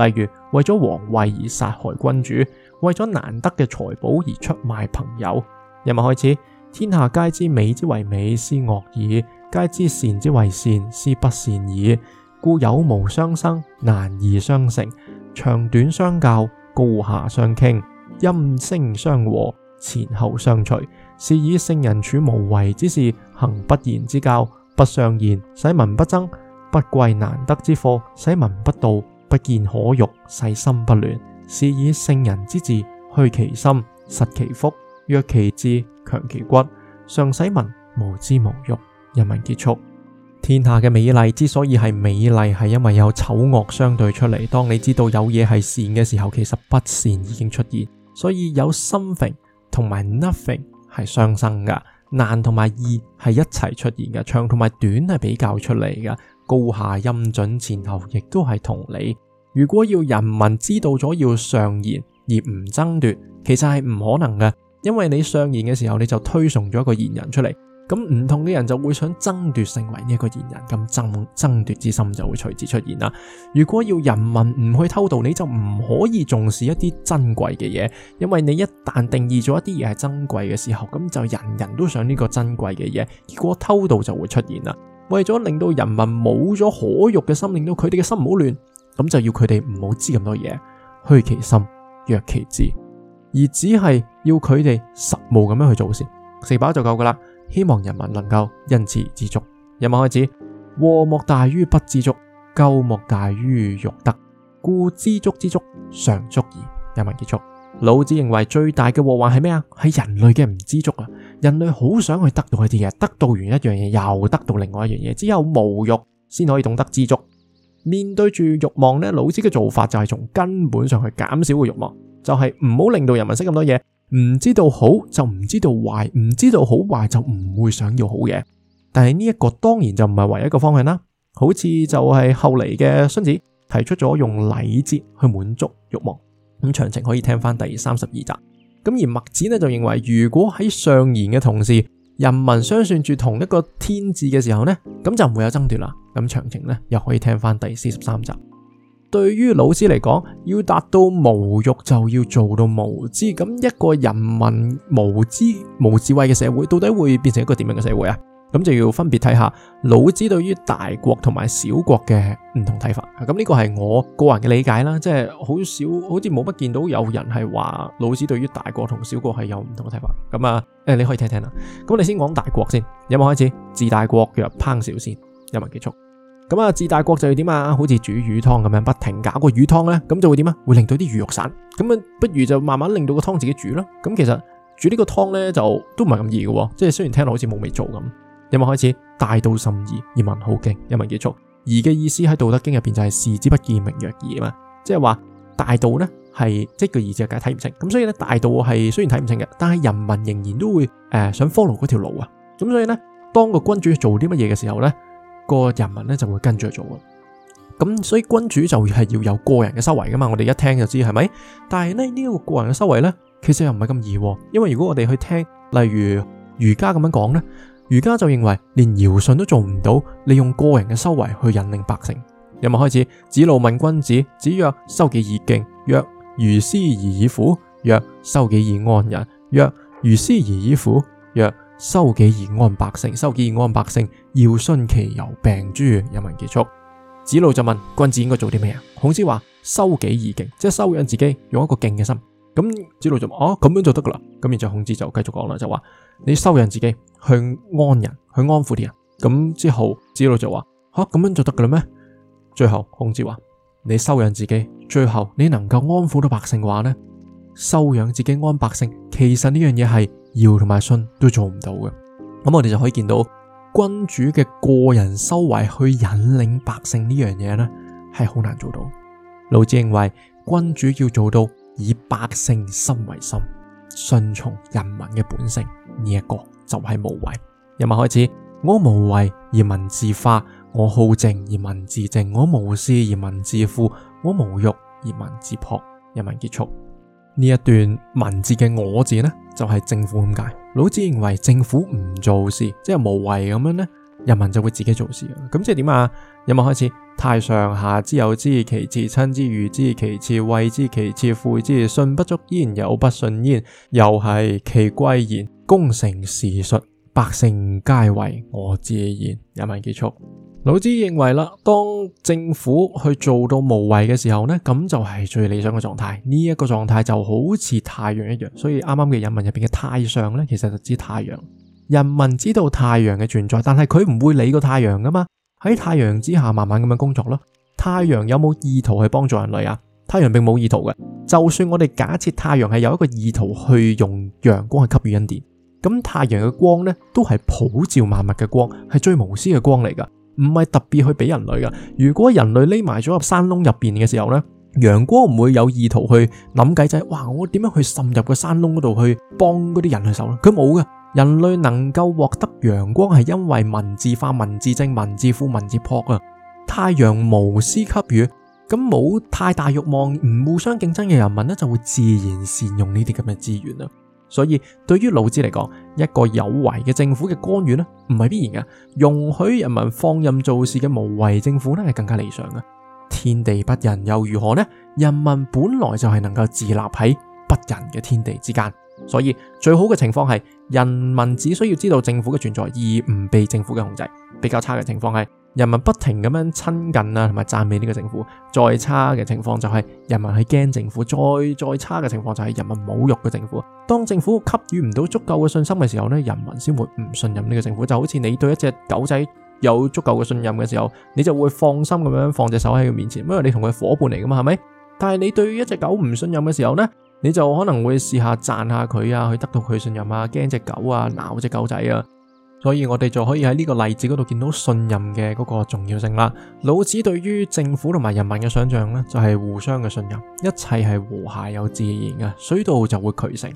例如。為咗皇位而殺害君主，為咗難得嘅財寶而出賣朋友。一物開始，天下皆知美之為美，斯惡矣；皆知善之為善，斯不善矣。」故有無相生，難易相成，長短相較，高下相傾，音聲相和，前後相隨。是以聖人處無為之事，行不言之教，不尚賢，使民不爭；不貴難得之貨，使民不盜。不見可欲，使心不亂，是以聖人之治，虛其心，實其腹，弱其志，強其骨，常使民無知無欲。人民結束。天下嘅美麗之所以係美麗，係因為有醜惡相對出嚟。當你知道有嘢係善嘅時候，其實不善已經出現。所以有 something 同埋 nothing 係相生噶，難同埋易係一齊出現噶，長同埋短係比較出嚟噶。高下音準前後亦都係同理。如果要人民知道咗要尚賢而唔爭奪，其實係唔可能嘅，因為你尚賢嘅時候，你就推崇咗一個賢人出嚟，咁唔同嘅人就會想爭奪成為呢一個賢人，咁爭爭奪之心就會隨之出現啦。如果要人民唔去偷盜，你就唔可以重視一啲珍貴嘅嘢，因為你一旦定義咗一啲嘢係珍貴嘅時候，咁就人人都想呢個珍貴嘅嘢，結果偷盜就會出現啦。為咗令到人民冇咗可欲嘅心，令到佢哋嘅心唔好亂，咁就要佢哋唔好知咁多嘢，虛其心，弱其志，而只係要佢哋實務咁樣去做先，食飽就夠噶啦。希望人民能夠因此而知足。人民開始，禍莫大於不知足，咎莫大於欲得，故知足之足，常足矣。人民結束。老子認為最大嘅禍患係咩啊？係人類嘅唔知足啊！人類好想去得到一啲嘢，得到完一樣嘢又得到另外一樣嘢，只有無欲先可以懂得知足。面對住欲望呢，老子嘅做法就係從根本上去減少個欲望，就係唔好令到人民識咁多嘢，唔知道好就唔知道壞，唔知道好壞就唔會想要好嘢。但係呢一個當然就唔係唯一一個方向啦，好似就係後嚟嘅荀子提出咗用禮節去滿足欲望。咁詳情可以聽翻第三十二集。咁而墨子呢，就認為，如果喺上言嘅同時，人民相信住同一個天字嘅時候呢，咁就唔會有爭端啦。咁詳情呢，又可以聽翻第四十三集。對於老子嚟講，要達到無欲就要做到無知。咁一個人民無知、無智慧嘅社會，到底會變成一個點樣嘅社會啊？咁就要分別睇下老子對於大國同埋小國嘅唔同睇法。咁呢個係我個人嘅理解啦，即係好少，好似冇乜見到有人係話老子對於大國同小國係有唔同嘅睇法。咁啊，誒、欸、你可以聽聽啦。咁我哋先講大國先，有冇開始？治大國若烹小鮮，有冇結束？咁啊，治大國就要點啊？好似煮魚湯咁樣，不停搞個魚湯呢，咁就會點啊？會令到啲魚肉散。咁啊，不如就慢慢令到個湯自己煮啦。咁其實煮呢個湯呢，就都唔係咁易嘅喎。即係雖然聽落好似冇味做咁。有冇開始，大道甚夷而民好徑。一文結束，夷嘅意思喺《道德經》入邊就係視之不見名曰夷嘛，即係話大道呢，係即個夷就梗係睇唔清咁，所以呢，大道係雖然睇唔清嘅，但係人民仍然都會誒、呃、想 follow 嗰條路啊。咁所以呢，當個君主做啲乜嘢嘅時候呢，個人民呢就會跟住去做啊。咁所以君主就係要有個人嘅修為噶嘛。我哋一聽就知係咪？但係呢，呢、這個個人嘅修為呢，其實又唔係咁易，因為如果我哋去聽，例如儒家咁樣講呢。儒家就認為連堯舜都做唔到，利用個人嘅修為去引領百姓。有日開始，子路問君子，子曰：修己以敬。曰：如斯而已乎？曰：修己以安人。曰：如斯而已乎？曰：修己而安百姓。修己以安百姓，堯舜其由病諸？有文結束，子路就問君子應該做啲咩啊？孔子話：修己以敬，即係修養自己，用一個敬嘅心。咁子路就話：啊，咁樣就得噶啦。咁然之後孔子就繼續講啦，就話。你修養自己，去安人，去安撫啲人，咁之後，子路就話：吓、啊、咁樣就得噶啦咩？最後，孔子話：你修養自己，最後你能夠安撫到百姓嘅話呢，修養自己安百姓，其實呢樣嘢係堯同埋舜都做唔到嘅。咁我哋就可以見到，君主嘅個人修為去引領百姓呢樣嘢呢，係好難做到。老子認為君主要做到以百姓心為心。順從人民嘅本性，呢、這、一個就係無為。人民開始，我無為而民自化，我好靜而民自正，我無私而民自富，我無欲而民自樸。人民結束呢一段文字嘅我字呢，就係、是、政府咁解。老子認為政府唔做事，即係無為咁樣呢，人民就會自己做事啦。咁即係點啊？人民開始，太上下之有之，其次親之譽之，其次畏之，其次侮之，之，之，之。信不足焉，有不信焉。又係其貴言，功成事遂，百姓皆為我自然。人民結束。老子認為啦，當政府去做到無為嘅時候咧，咁就係最理想嘅狀態。呢、這、一個狀態就好似太陽一樣，所以啱啱嘅人民入邊嘅太上呢，其實就指太陽。人民知道太陽嘅存在，但係佢唔會理個太陽噶嘛。喺太陽之下慢慢咁樣工作咯。太陽有冇意圖去幫助人類啊？太陽並冇意圖嘅。就算我哋假設太陽係有一個意圖去用陽光去給予恩典，咁太陽嘅光呢都係普照萬物嘅光，係最無私嘅光嚟噶，唔係特別去俾人類噶。如果人類匿埋咗入山窿入邊嘅時候呢，陽光唔會有意圖去諗計仔，哇！我點樣去滲入個山窿嗰度去幫嗰啲人去手咧？佢冇嘅。人類能夠獲得陽光係因為民自化、民自正、民自富、民自樸啊！太陽無私給予，咁冇太大欲望、唔互相競爭嘅人民咧，就會自然善用呢啲咁嘅資源啊！所以對於老子嚟講，一個有為嘅政府嘅官員咧，唔係必然嘅，容許人民放任做事嘅無為政府咧，係更加理想嘅。天地不仁又如何呢？人民本來就係能夠自立喺不仁嘅天地之間。所以最好嘅情況係人民只需要知道政府嘅存在，而唔被政府嘅控制。比較差嘅情況係人民不停咁樣親近啊，同埋讚美呢個政府。再差嘅情況就係、是、人民係驚政府。再再差嘅情況就係、是、人民侮辱嘅政府。當政府給予唔到足夠嘅信心嘅時候呢，人民先會唔信任呢個政府。就好似你對一隻狗仔有足夠嘅信任嘅時候，你就會放心咁樣放隻手喺佢面前，因為你同佢伙伴嚟噶嘛，係咪？但係你對一隻狗唔信任嘅時候呢。你就可能會試下讚下佢啊，去得到佢信任啊，驚隻狗啊，咬隻狗仔啊，所以我哋就可以喺呢個例子嗰度見到信任嘅嗰個重要性啦。老子對於政府同埋人民嘅想象呢，就係、是、互相嘅信任，一切係和諧有自然嘅，水到就會渠成。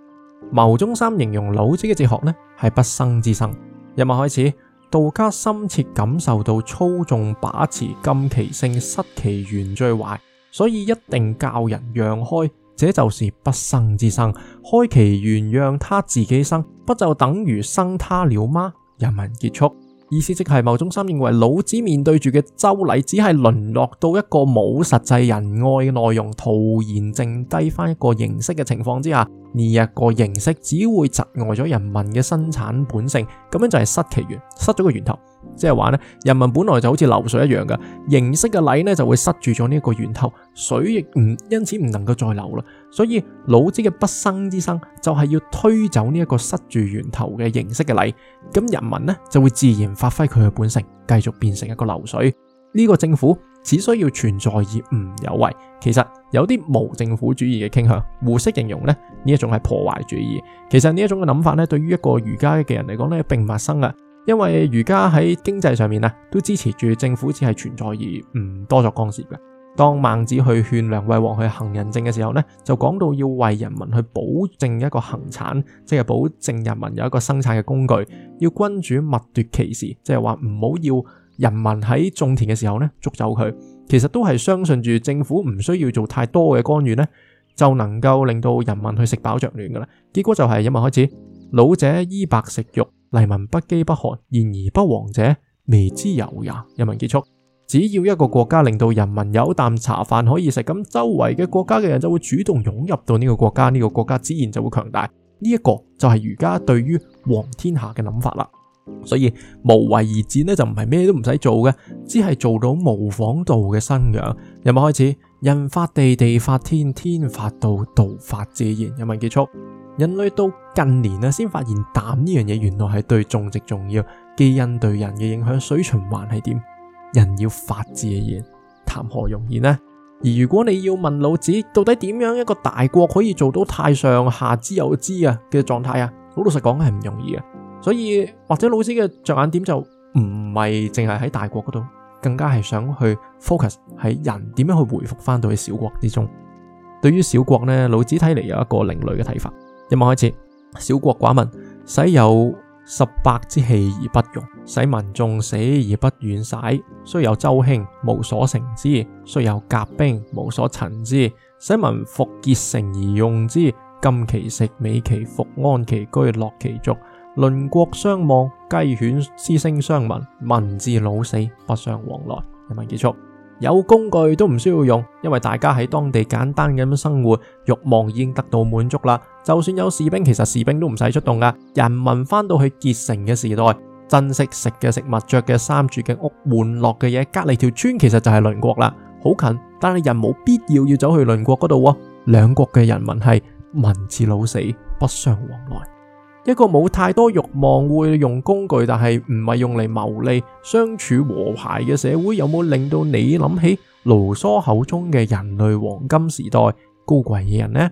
牟宗三形容老子嘅哲學呢，係不生之生。今日開始，道家深切感受到操縱把持，禁其性，失其原，最壞，所以一定教人讓開。這就是不生之生，開其源讓他自己生，不就等於生他了嗎？人民結束，意思即係牟宗三認為，老子面對住嘅周禮，只係淪落到一個冇實際仁愛嘅內容，徒然剩低翻一個形式嘅情況之下，呢一個形式只會窒礙咗人民嘅生產本性，咁樣就係失其源，失咗個源頭。即係話咧，人民本來就好似流水一樣嘅，形式嘅禮呢就會塞住咗呢一個源頭，水亦唔因此唔能夠再流啦。所以老子嘅不生之生就係要推走呢一個塞住源頭嘅形式嘅禮，咁人民呢就會自然發揮佢嘅本性，繼續變成一個流水。呢、這個政府只需要存在而唔有為，其實有啲無政府主義嘅傾向，胡適形容呢呢一種係破壞主義。其實呢一種嘅諗法呢，對於一個儒家嘅人嚟講呢，並唔陌生啊。因為儒家喺經濟上面啊，都支持住政府只係存在而唔多作干涉嘅。當孟子去勸梁惠王去行仁政嘅時候呢，就講到要為人民去保證一個恒產，即係保證人民有一個生產嘅工具。要君主勿奪其時，即係話唔好要人民喺種田嘅時候咧捉走佢。其實都係相信住政府唔需要做太多嘅干預呢，就能夠令到人民去食飽着暖噶啦。結果就係今日開始，老者衣帛食肉。黎民不飢不寒，然而不亡者，未之有也。引文結束。只要一個國家令到人民有啖茶飯可以食，咁周圍嘅國家嘅人就會主動湧入到呢個國家，呢、這個國家自然就會強大。呢、這、一個就係儒家對於王天下嘅諗法啦。所以無為而治呢，就唔係咩都唔使做嘅，只係做到模仿道嘅生養。引文開始，人法地，地法天，天法道，道法自然。引文結束。人類到近年啊，先發現氮呢樣嘢，原來係對種植重要，基因對人嘅影響，水循環係點，人要法自然，談何容易呢？而如果你要問老子到底點樣一個大國可以做到太上下知有之啊嘅狀態啊，好老實講係唔容易嘅。所以或者老子嘅着眼點就唔係淨係喺大國嗰度，更加係想去 focus 喺人點樣去回復翻到去小國之中。對於小國呢，老子睇嚟有一個另類嘅睇法。引文開始，小國寡民，使有十百之器而不用，使民眾死而不遠徙。雖有周卿，無所乘之；雖有甲兵，無所陳之。使民復結繩而用之，甘其食，美其服，安其居，樂其俗。鄰國相望，雞犬之聲相聞，民至老死不相往來。引文結束。有工具都唔需要用，因為大家喺當地簡單咁樣生活，欲望已經得到滿足啦。就算有士兵，其實士兵都唔使出動㗎。人民返到去結繩嘅時代，珍惜食嘅食物、着嘅衫、住嘅屋、玩樂嘅嘢。隔籬條村其實就係鄰國啦，好近，但係人冇必要要走去鄰國嗰度啊。兩國嘅人民係民至老死，不相往來。一個冇太多欲望，會用工具，但係唔係用嚟謀利，相處和諧嘅社會，有冇令到你諗起盧梭口中嘅人類黃金時代、高貴野人呢？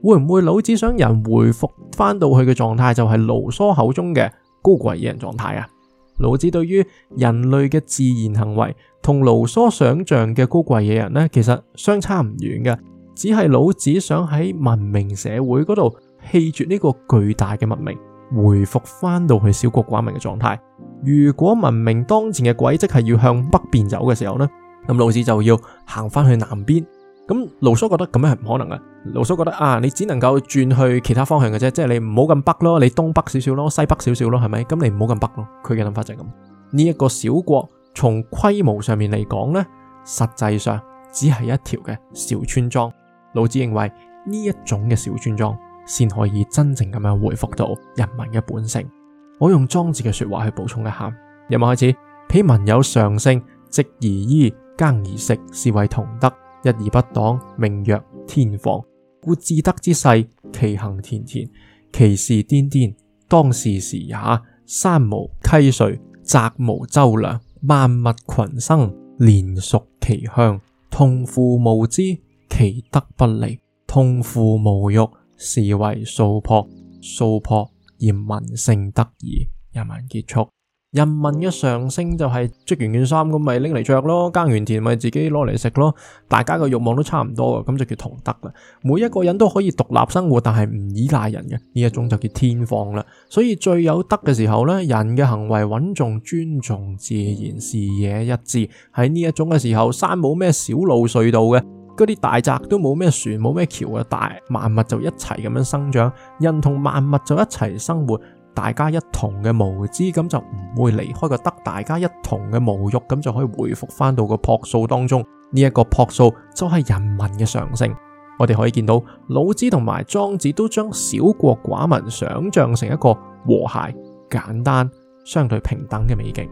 會唔會老子想人回復翻到去嘅狀態，就係盧梭口中嘅高貴野人狀態啊？老子對於人類嘅自然行為，同盧梭想象嘅高貴野人呢，其實相差唔遠嘅，只係老子想喺文明社會嗰度。棄絕呢個巨大嘅文明，回復翻到去小國寡民嘅狀態。如果文明當前嘅軌跡係要向北邊走嘅時候呢，咁老子就要行翻去南邊。咁盧梭覺得咁樣係唔可能嘅。盧梭覺得啊，你只能夠轉去其他方向嘅啫，即係你唔好咁北咯，你東北少少咯，西北少少咯，係咪？咁你唔好咁北咯。佢嘅諗法就係咁。呢、這、一個小國從規模上面嚟講呢，實際上只係一條嘅小村莊。老子認為呢一種嘅小村莊。先可以真正咁樣回復到人民嘅本性。我用莊子嘅說話去補充一下：，人民開始彼民有常性，直而衣，耕而食，是謂同德。一而不黨，名曰天放。故自得之世，其行田田，其事顛顛。當是時也，山無溪水，澤無舟梁，萬物群生，連屬其鄉。同乎無知，其德不離，同乎無欲。是謂素樸，素樸而民性得矣，人民結束。人民嘅上升就係織完件衫咁，咪拎嚟着咯，耕完田咪自己攞嚟食咯。大家嘅欲望都差唔多嘅，咁就叫同德啦。每一個人都可以獨立生活，但係唔依賴人嘅呢一種就叫天放啦。所以最有德嘅時候呢，人嘅行為穩重、尊重自然，視野一致。喺呢一種嘅時候，山冇咩小路隧道嘅。嗰啲大澤都冇咩船，冇咩橋啊，大萬物就一齊咁樣生長，人同萬物就一齊生活，大家一同嘅無知咁就唔會離開個德，大家一同嘅無欲咁就可以回復翻到個樸素當中。呢、這、一個樸素就係人民嘅常性。我哋可以見到，老子同埋莊子都將小國寡民想象成一個和諧、簡單、相對平等嘅美景。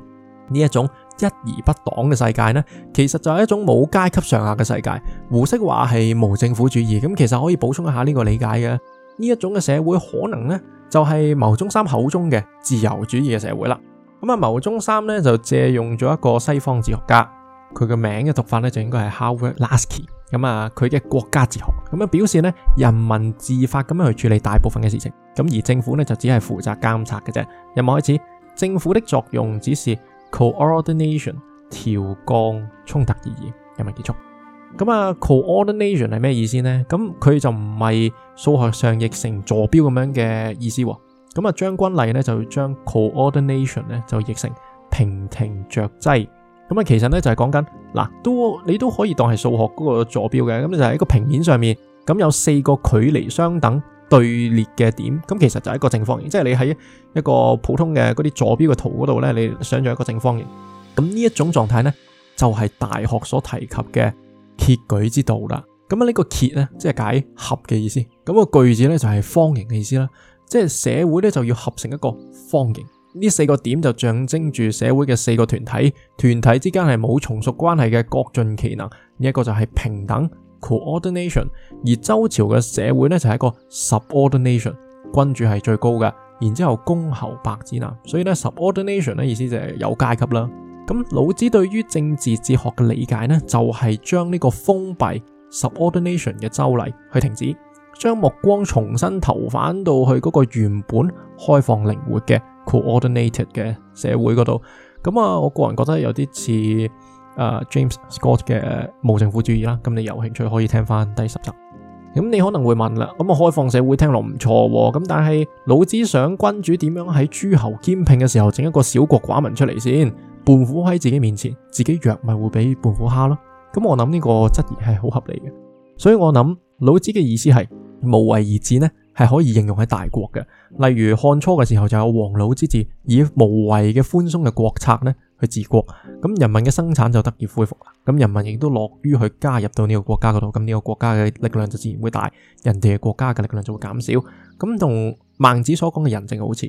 呢一種一而不黨嘅世界呢，其實就係一種冇階級上下嘅世界，胡適話係無政府主義。咁其實可以補充一下呢個理解嘅，呢一種嘅社會可能呢就係、是、牟宗三口中嘅自由主義嘅社會啦。咁啊，牟宗三呢就借用咗一個西方哲學家，佢嘅名嘅讀法呢就應該係 Howard Lasky。咁啊，佢嘅國家哲學咁樣，表示呢人民自發咁樣去處理大部分嘅事情，咁而政府呢就只係負責監察嘅啫。一唔開始，政府的作用只是。coordination 調降衝突意義，有日結束咁啊。coordination 係咩意思呢？咁佢就唔係數學上譯成坐標咁樣嘅意思喎。咁啊，將軍黎咧就將 coordination 咧就譯成平停着劑。咁啊，其實咧就係講緊嗱，都你都可以當係數學嗰個坐標嘅。咁就係一個平面上面咁有四個距離相等。隊列嘅點，咁其實就係一個正方形，即係你喺一個普通嘅嗰啲坐標嘅圖嗰度呢，你想象一個正方形。咁呢一種狀態呢，就係、是、大學所提及嘅絜矩之道啦。咁啊呢個絜呢，即係解合嘅意思。咁個句子呢，就係、是、方形嘅意思啦，即係社會呢，就要合成一個方形。呢四個點就象徵住社會嘅四個團體，團體之間係冇從屬關係嘅，各盡其能。呢一個就係平等。coordination，而周朝嘅社會呢，就係、是、一個 subordination，君主係最高嘅，然之後公侯伯子男，所以呢 subordination 咧，意思就係有階級啦。咁老子對於政治哲學嘅理解呢，就係、是、將呢個封閉 subordination 嘅周禮去停止，將目光重新投返到去嗰個原本開放靈活嘅 coordinated 嘅社會嗰度。咁啊，我個人覺得有啲似。Uh, James Scott 嘅、uh, 無政府主義啦，咁你有興趣可以聽翻第十集。咁你可能會問啦，咁啊開放社會聽落唔錯喎、啊，咁但係老子想君主點樣喺諸侯兼併嘅時候整一個小國寡民出嚟先？胖虎喺自己面前，自己弱咪會俾胖虎蝦咯。咁我諗呢個質疑係好合理嘅，所以我諗老子嘅意思係無為而治呢係可以應用喺大國嘅，例如漢初嘅時候就有黃老之治，以無為嘅寬鬆嘅國策咧。去治國，咁人民嘅生產就得以恢復啦。咁人民亦都樂於去加入到呢個國家嗰度，咁呢個國家嘅力量就自然會大，人哋嘅國家嘅力量就會減少。咁同孟子所講嘅仁政好似。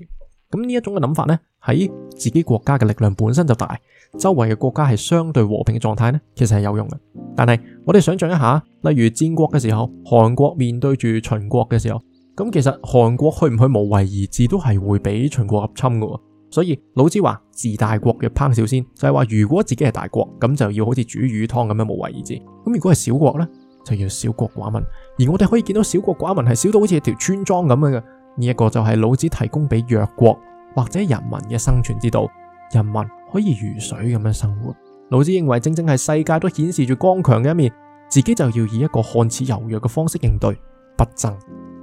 咁呢一種嘅諗法呢，喺自己國家嘅力量本身就大，周圍嘅國家係相對和平嘅狀態呢，其實係有用嘅。但係我哋想象一下，例如戰國嘅時候，韓國面對住秦國嘅時候，咁其實韓國去唔去無為而治都係會俾秦國入侵噶。所以老子話治大國嘅烹小鮮，就係話如果自己係大國，咁就要好似煮魚湯咁樣無為而治；咁如果係小國呢，就要小國寡民。而我哋可以見到小國寡民係少到好似條村莊咁樣嘅。呢一個就係老子提供俾弱國或者人民嘅生存之道，人民可以如水咁樣生活。老子認為正正係世界都顯示住剛強嘅一面，自己就要以一個看似柔弱嘅方式應對不爭。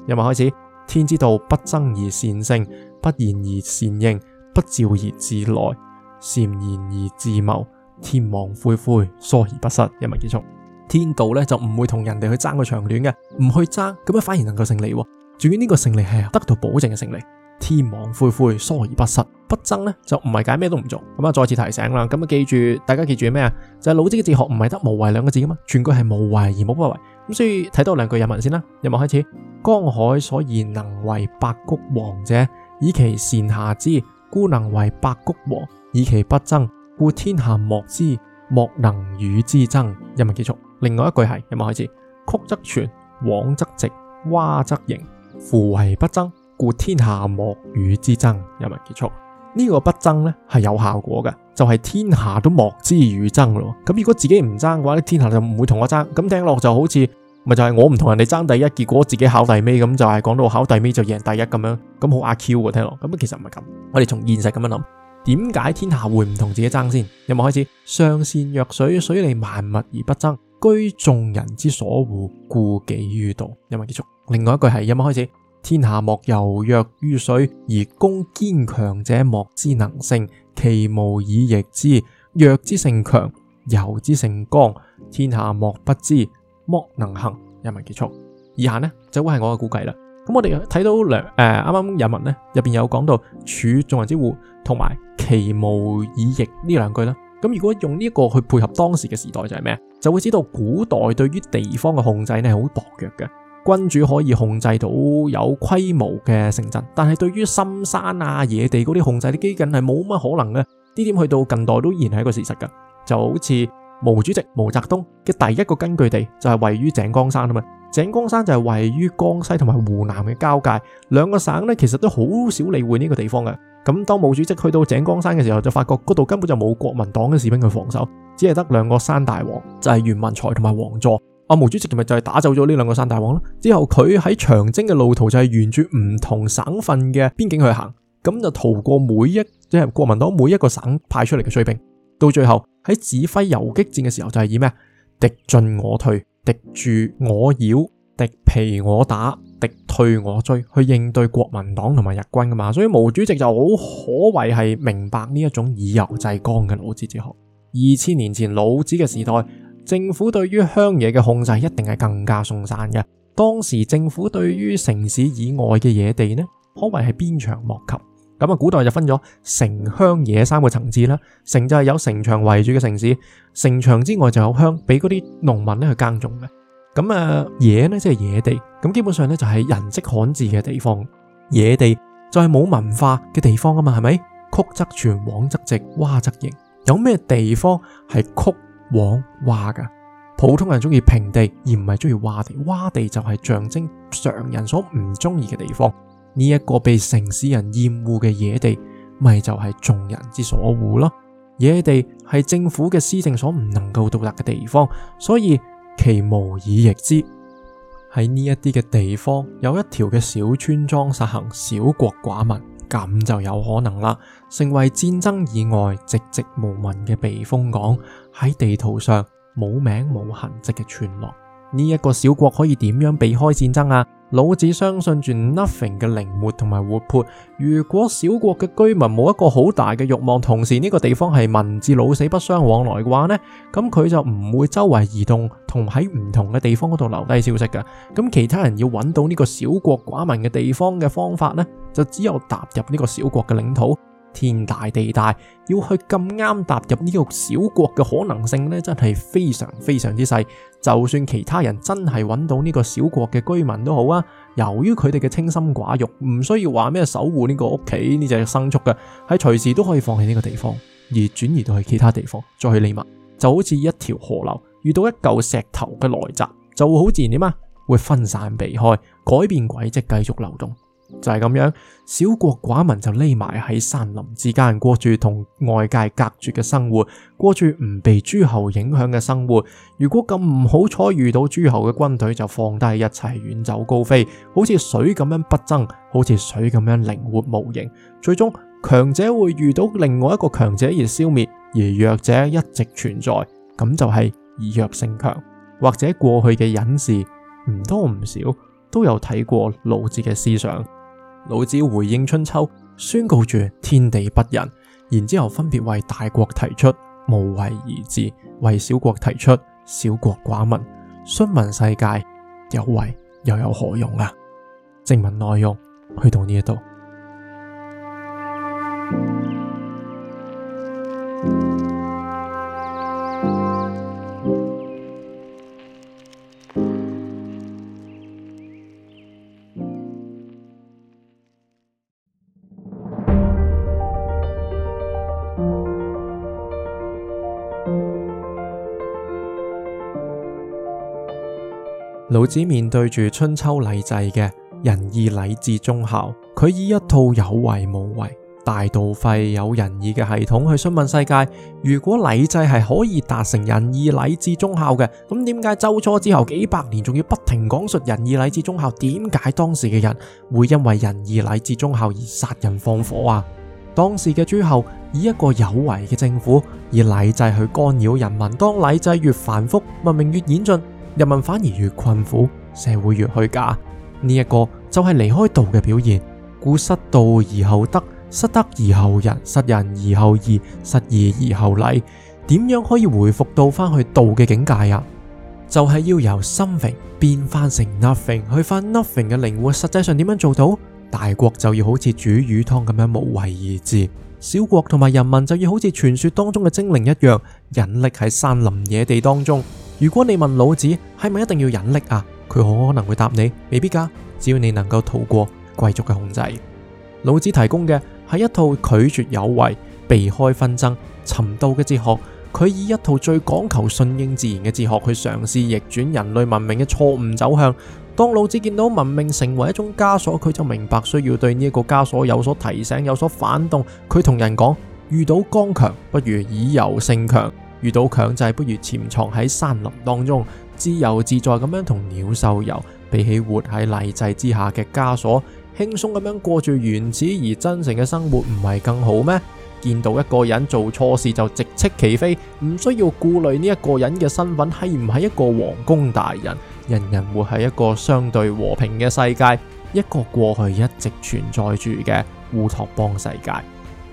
因為開始，天之道不爭而善勝，不言而善應。不召而自來，善言而自謀。天網恢恢，疏而不失。引文結束。天道咧就唔會同人哋去爭個長短嘅，唔去爭咁樣反而能夠勝利，哦。仲要呢個勝利係得到保證嘅勝利。天網恢恢，疏而不失。不爭呢，就唔係解咩都唔做。咁啊，再次提醒啦。咁啊，記住大家記住咩啊？就係、是、老子嘅哲學唔係得無為兩個字噶嘛，全句係無為而無不為咁，所以睇多兩句引文先啦。引文開始，江海所以能為百谷王者，以其善下之。孤能為白谷王，以其不爭，故天下莫之，莫能與之爭。人民結束。另外一句係，人民開始。曲則全，枉則直，蛙則盈，負為不爭，故天下莫與之爭。人民結束。呢個不爭呢係有效果嘅，就係、是、天下都莫之與爭咯。咁如果自己唔爭嘅話，呢天下就唔會同我爭。咁聽落就好似。咪就係我唔同人哋爭第一，結果自己考第尾，咁就係講到考第尾就贏第一咁樣，咁好阿 Q 啊！聽落咁其實唔係咁。我哋從現實咁樣諗，點解天下會唔同自己爭先？音樂開始，上善若水，水利萬物而不爭，居眾人之所惡，故幾於道。音樂結束。另外一句係音樂開始，天下莫柔弱於水，而攻堅強者莫之能勝，其無以易之。弱之勝強，柔之勝剛，天下莫不知。莫能行，人民結束。以下呢，就會係我嘅估計啦。咁我哋睇到兩誒，啱、呃、啱人民呢入邊有講到處眾人之戶，同埋其無以易呢兩句啦。咁如果用呢一個去配合當時嘅時代就，就係咩？就會知道古代對於地方嘅控制呢係好薄弱嘅。君主可以控制到有規模嘅城鎮，但係對於深山啊野地嗰啲控制啲基金係冇乜可能嘅。呢點去到近代都依然係一個事實噶，就好似。毛主席毛澤東嘅第一個根據地就係位於井岡山啊嘛，井岡山就係位於江西同埋湖南嘅交界，兩個省呢，其實都好少理會呢個地方嘅。咁當毛主席去到井岡山嘅時候，就發覺嗰度根本就冇國民黨嘅士兵去防守，只係得兩個山大王，就係、是、袁文才同埋王佐。阿毛主席今日就係打走咗呢兩個山大王啦。之後佢喺長征嘅路途就係沿住唔同省份嘅邊境去行，咁就逃過每一即係、就是、國民黨每一個省派出嚟嘅追兵。到最後喺指揮游擊戰嘅時候就係以咩啊敵進我退、敵駐我擾、敵疲我打、敵退我追去應對國民黨同埋日軍噶嘛，所以毛主席就好可謂係明白呢一種以柔制剛嘅老子哲學。二千年前老子嘅時代，政府對於鄉野嘅控制一定係更加鬆散嘅，當時政府對於城市以外嘅野地呢，可謂係鞭長莫及。咁啊，古代就分咗城、鄉、野三個層次啦。城就係有城牆圍住嘅城市，城牆之外就有鄉，俾嗰啲農民咧去耕種嘅。咁、嗯、啊，野呢，即係野地，咁基本上咧就係人迹罕至嘅地方。野地就係冇文化嘅地方啊嘛，係咪？曲則全，枉則直，洼則盈。有咩地方係曲、枉、洼噶？普通人中意平地，而唔係中意洼地。洼地就係象徵常人所唔中意嘅地方。呢一個被城市人厭惡嘅野地，咪就係、是、眾人之所惡咯。野地係政府嘅施政所唔能夠到達嘅地方，所以其無以易之。喺呢一啲嘅地方，有一條嘅小村莊實行小國寡民，咁就有可能啦，成為戰爭以外寂寂無聞嘅避風港。喺地圖上冇名冇痕跡嘅村落，呢、這、一個小國可以點樣避開戰爭啊？老子相信住 nothing 嘅靈活同埋活潑。如果小國嘅居民冇一個好大嘅慾望，同時呢個地方係民至老死不相往來嘅話呢，咁佢就唔會周圍移動，同喺唔同嘅地方嗰度留低消息㗎。咁其他人要揾到呢個小國寡民嘅地方嘅方法呢，就只有踏入呢個小國嘅領土。天大地大，要去咁啱踏入呢個小國嘅可能性呢，真係非常非常之細。就算其他人真係揾到呢個小國嘅居民都好啊，由於佢哋嘅清心寡欲，唔需要話咩守護呢個屋企呢隻牲畜嘅，係隨時都可以放棄呢個地方，而轉移到去其他地方再去獵物。就好似一條河流遇到一嚿石頭嘅來襲，就會好自然點啊，會分散避開，改變軌跡繼續流動。就係咁樣，小國寡民就匿埋喺山林之間，過住同外界隔絕嘅生活，過住唔被諸侯影響嘅生活。如果咁唔好彩遇到諸侯嘅軍隊，就放低一切遠走高飛，好似水咁樣不爭，好似水咁樣靈活無形。最終強者會遇到另外一個強者而消滅，而弱者一直存在，咁就係以弱勝強。或者過去嘅隱士唔多唔少都有睇過老子嘅思想。老子回應春秋，宣告住天地不仁，然之後分別為大國提出無為而治，為小國提出小國寡民，詢問世界有為又有何用啊？正文內容去到呢一度。老子面對住春秋禮制嘅仁義禮智忠孝，佢以一套有為無為、大道廢有仁義嘅系統去詢問世界：如果禮制係可以達成仁義禮智忠孝嘅，咁點解周初之後幾百年仲要不停講述仁義禮智忠孝？點解當時嘅人會因為仁義禮智忠孝而殺人放火啊？當時嘅諸侯以一個有為嘅政府，以禮制去干擾人民，當禮制越繁複，文明越演進，人民反而越困苦，社會越虛假。呢、這、一個就係離開道嘅表現。故失道而後德，失德而後仁，失仁而後義，失義而後禮。點樣可以回復到翻去道嘅境界啊？就係、是、要由 something 變翻成 nothing，去翻 nothing 嘅靈活。實際上點樣做到？大國就要好似煮魚湯咁樣無為而治，小國同埋人民就要好似傳說當中嘅精靈一樣，隱匿喺山林野地當中。如果你問老子係咪一定要忍力啊，佢好可能會答你未必噶，只要你能夠逃過貴族嘅控制。老子提供嘅係一套拒絕有為、避開紛爭、尋道嘅哲學。佢以一套最講求順應自然嘅哲學去嘗試逆轉人類文明嘅錯誤走向。當老子見到文明成為一種枷鎖，佢就明白需要對呢一個枷鎖有所提醒、有所反動。佢同人講：遇到剛強，不如以柔勝強。遇到強制，不如潛藏喺山林當中，自由自在咁樣同鳥獸遊。比起活喺禮制之下嘅枷鎖，輕鬆咁樣過住原始而真誠嘅生活，唔係更好咩？見到一個人做錯事就直斥其非，唔需要顧慮呢一個人嘅身份係唔係一個王公大人。人人活喺一個相對和平嘅世界，一個過去一直存在住嘅烏托邦世界。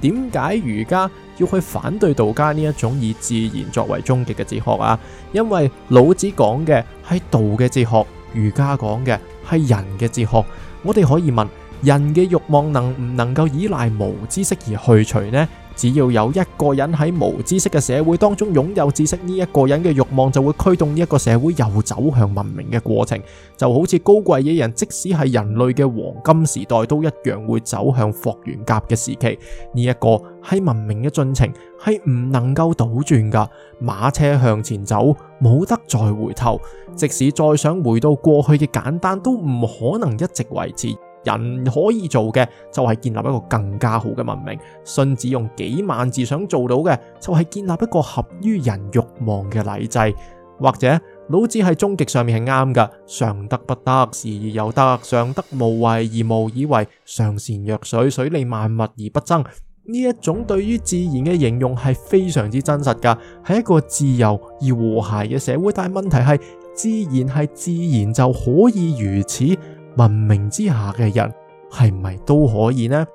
點解儒家要去反對道家呢一種以自然作為終極嘅哲學啊，因為老子講嘅係道嘅哲學，儒家講嘅係人嘅哲學。我哋可以問：人嘅慾望能唔能夠依賴無知識而去除呢？只要有一個人喺無知識嘅社會當中擁有知識，呢一個人嘅欲望就會驅動呢一個社會又走向文明嘅過程。就好似高貴野人，即使係人類嘅黃金時代，都一樣會走向霍元甲嘅時期。呢一個係文明嘅進程係唔能夠倒轉㗎。馬車向前走，冇得再回頭。即使再想回到過去嘅簡單，都唔可能一直維持。人可以做嘅就係建立一個更加好嘅文明，荀子用幾萬字想做到嘅就係建立一個合於人欲望嘅禮制，或者老子喺終極上面係啱㗎，上德不德，是以有德；上德無為而無以為，上善若水，水利萬物而不爭。呢一種對於自然嘅形容係非常之真實噶，係一個自由而和諧嘅社會。但係問題係自然係自然就可以如此。文明之下嘅人係唔係都可以呢？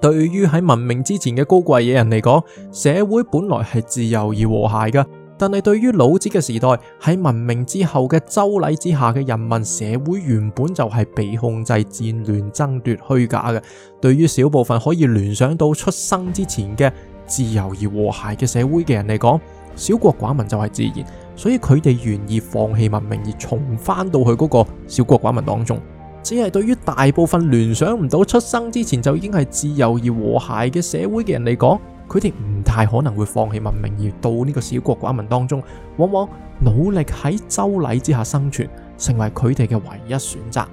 對於喺文明之前嘅高貴嘢人嚟講，社會本來係自由而和諧嘅。但係對於老子嘅時代喺文明之後嘅周禮之下嘅人民社會，原本就係被控制、戰亂、爭奪、虛假嘅。對於小部分可以聯想到出生之前嘅自由而和諧嘅社會嘅人嚟講，小國寡民就係自然，所以佢哋願意放棄文明而重返到去嗰個小國寡民當中。只係對於大部分聯想唔到出生之前就已經係自由而和諧嘅社會嘅人嚟講，佢哋唔太可能會放棄文明而到呢個小國寡民當中，往往努力喺周禮之下生存，成為佢哋嘅唯一選擇。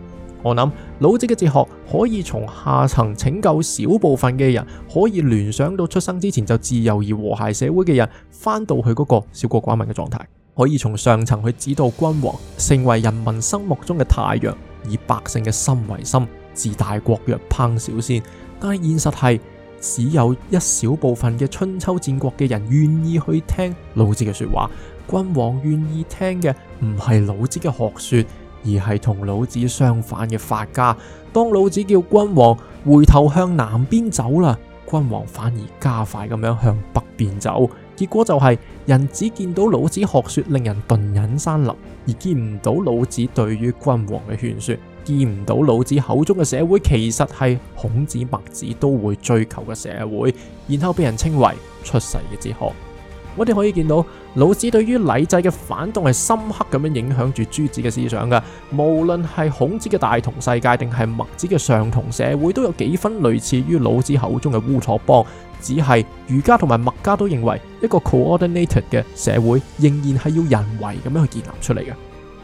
我諗老子嘅哲學可以從下層拯救小部分嘅人，可以聯想到出生之前就自由而和諧社會嘅人，翻到去嗰個小國寡民嘅狀態，可以從上層去指導君王，成為人民心目中嘅太陽。以百姓嘅心為心，治大國若烹小鮮。但係現實係只有一小部分嘅春秋戰國嘅人願意去聽老子嘅說話，君王願意聽嘅唔係老子嘅學說，而係同老子相反嘅法家。當老子叫君王回頭向南邊走啦，君王反而加快咁樣向北邊走。結果就係人只見到老子學說令人頓隱山林，而見唔到老子對於君王嘅勸說，見唔到老子口中嘅社會其實係孔子、墨子都會追求嘅社會，然後被人稱為出世嘅哲學。我哋可以見到老子對於禮制嘅反動係深刻咁樣影響住諸子嘅思想嘅，無論係孔子嘅大同世界定係墨子嘅上同社會，都有幾分類似於老子口中嘅烏托邦。只係儒家同埋墨家都認為一個 coordinated 嘅社會仍然係要人為咁樣去建立出嚟嘅。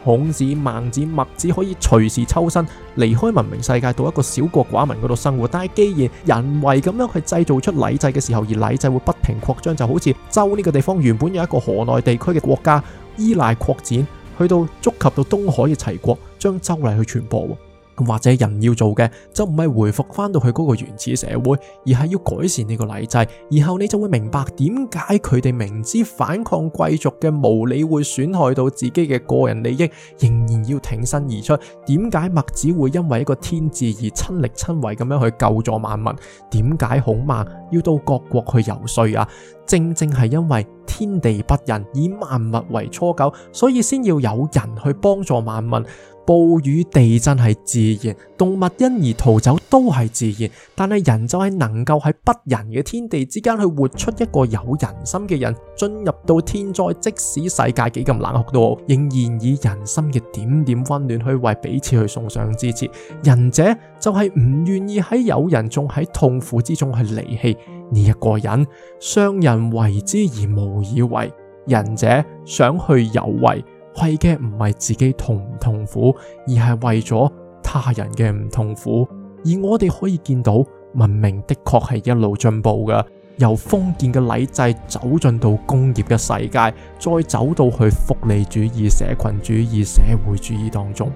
孔子、孟子、墨子可以隨時抽身離開文明世界，到一個小國寡民嗰度生活。但係既然人為咁樣去製造出禮制嘅時候，而禮制會不停擴張，就好似周呢個地方原本有一個河內地區嘅國家依賴擴，依賴擴展去到觸及到東海嘅齊國，將周禮去傳播。或者人要做嘅就唔係回復翻到去嗰個原始社會，而係要改善呢個禮制，然後你就會明白點解佢哋明知反抗貴族嘅無理會損害到自己嘅個人利益，仍然要挺身而出。點解墨子會因為一個天字而親力親為咁樣去救助萬民？點解孔孟要到各國去遊說啊？正正係因為天地不仁，以萬物為芻狗，所以先要有人去幫助萬民。暴雨、地震係自然，動物因而逃走都係自然。但係人就係能夠喺不仁嘅天地之間去活出一個有人心嘅人，進入到天災，即使世界幾咁冷酷都好，仍然以人心嘅點點溫暖去為彼此去送上支持。仁者就係唔願意喺有人仲喺痛苦之中去離棄呢一個人，傷人為之而無以為。仁者想去有為。愧嘅唔係自己痛唔痛苦，而係為咗他人嘅唔痛苦。而我哋可以見到，文明的確係一路進步嘅，由封建嘅禮制走進到工業嘅世界，再走到去福利主義、社群主義、社會主義當中。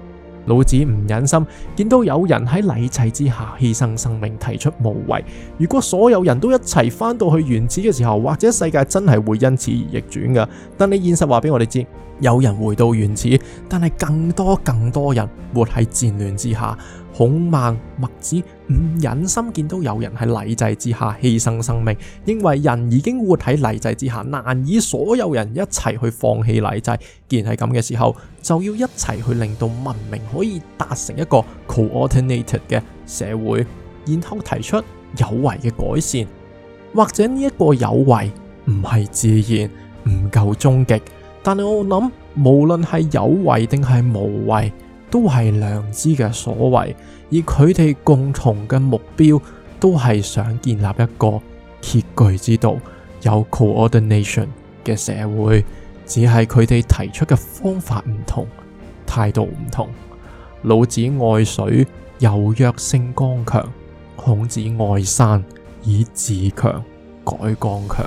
老子唔忍心見到有人喺禮制之下犧牲生命，提出無為。如果所有人都一齊返到去原始嘅時候，或者世界真係會因此而逆轉噶。但你現實話俾我哋知，有人回到原始，但係更多更多人活喺戰亂之下。孔孟、墨子唔忍心見到有人喺禮制之下犧牲生命，認為人已經活喺禮制之下，難以所有人一齊去放棄禮制。既然係咁嘅時候，就要一齊去令到文明可以達成一個 coordinated 嘅社會，然後提出有為嘅改善，或者呢一個有為唔係自然，唔夠終極，但係我諗，無論係有為定係無為。都係良知嘅所為，而佢哋共同嘅目標都係想建立一個絜矩之道、有 coordination 嘅社會。只係佢哋提出嘅方法唔同，態度唔同。老子愛水，柔弱勝剛強；孔子愛山，以自強改剛強。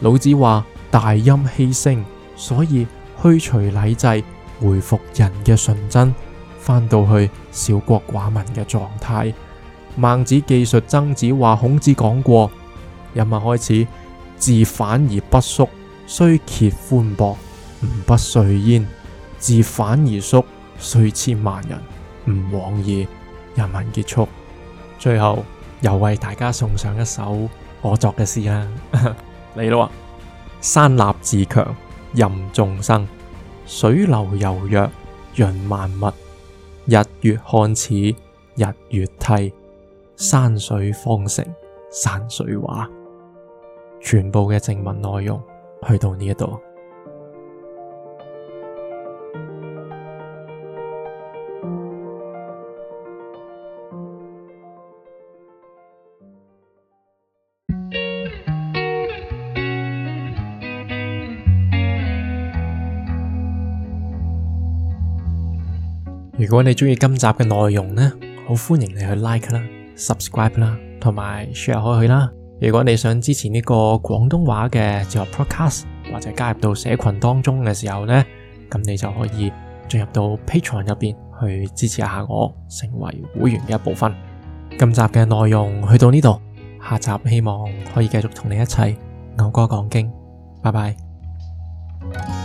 老子話大音希聲，所以去除禮制。回復人嘅純真，翻到去小國寡民嘅狀態。孟子記述曾子話：孔子講過，人民開始自反而不縮，雖褐寬博，吾不惴焉；自反而縮，雖千萬人，吾往矣。人民結束，最後又為大家送上一首我作嘅詩啦，嚟 <laughs> 咯、啊，山立自強任眾生。水流柔弱潤萬物，日月看似日月替，山水方成山水畫。全部嘅正文內容去到呢一度。如果你中意今集嘅內容呢，好歡迎你去 like 啦、subscribe 啦，同埋 share 開去啦。如果你想支持呢個廣東話嘅自學 podcast，或者加入到社群當中嘅時候呢，咁你就可以進入到 Patreon 入邊去支持下我，成為會員嘅一部分。今集嘅內容去到呢度，下集希望可以繼續同你一齊牛哥講經，拜拜。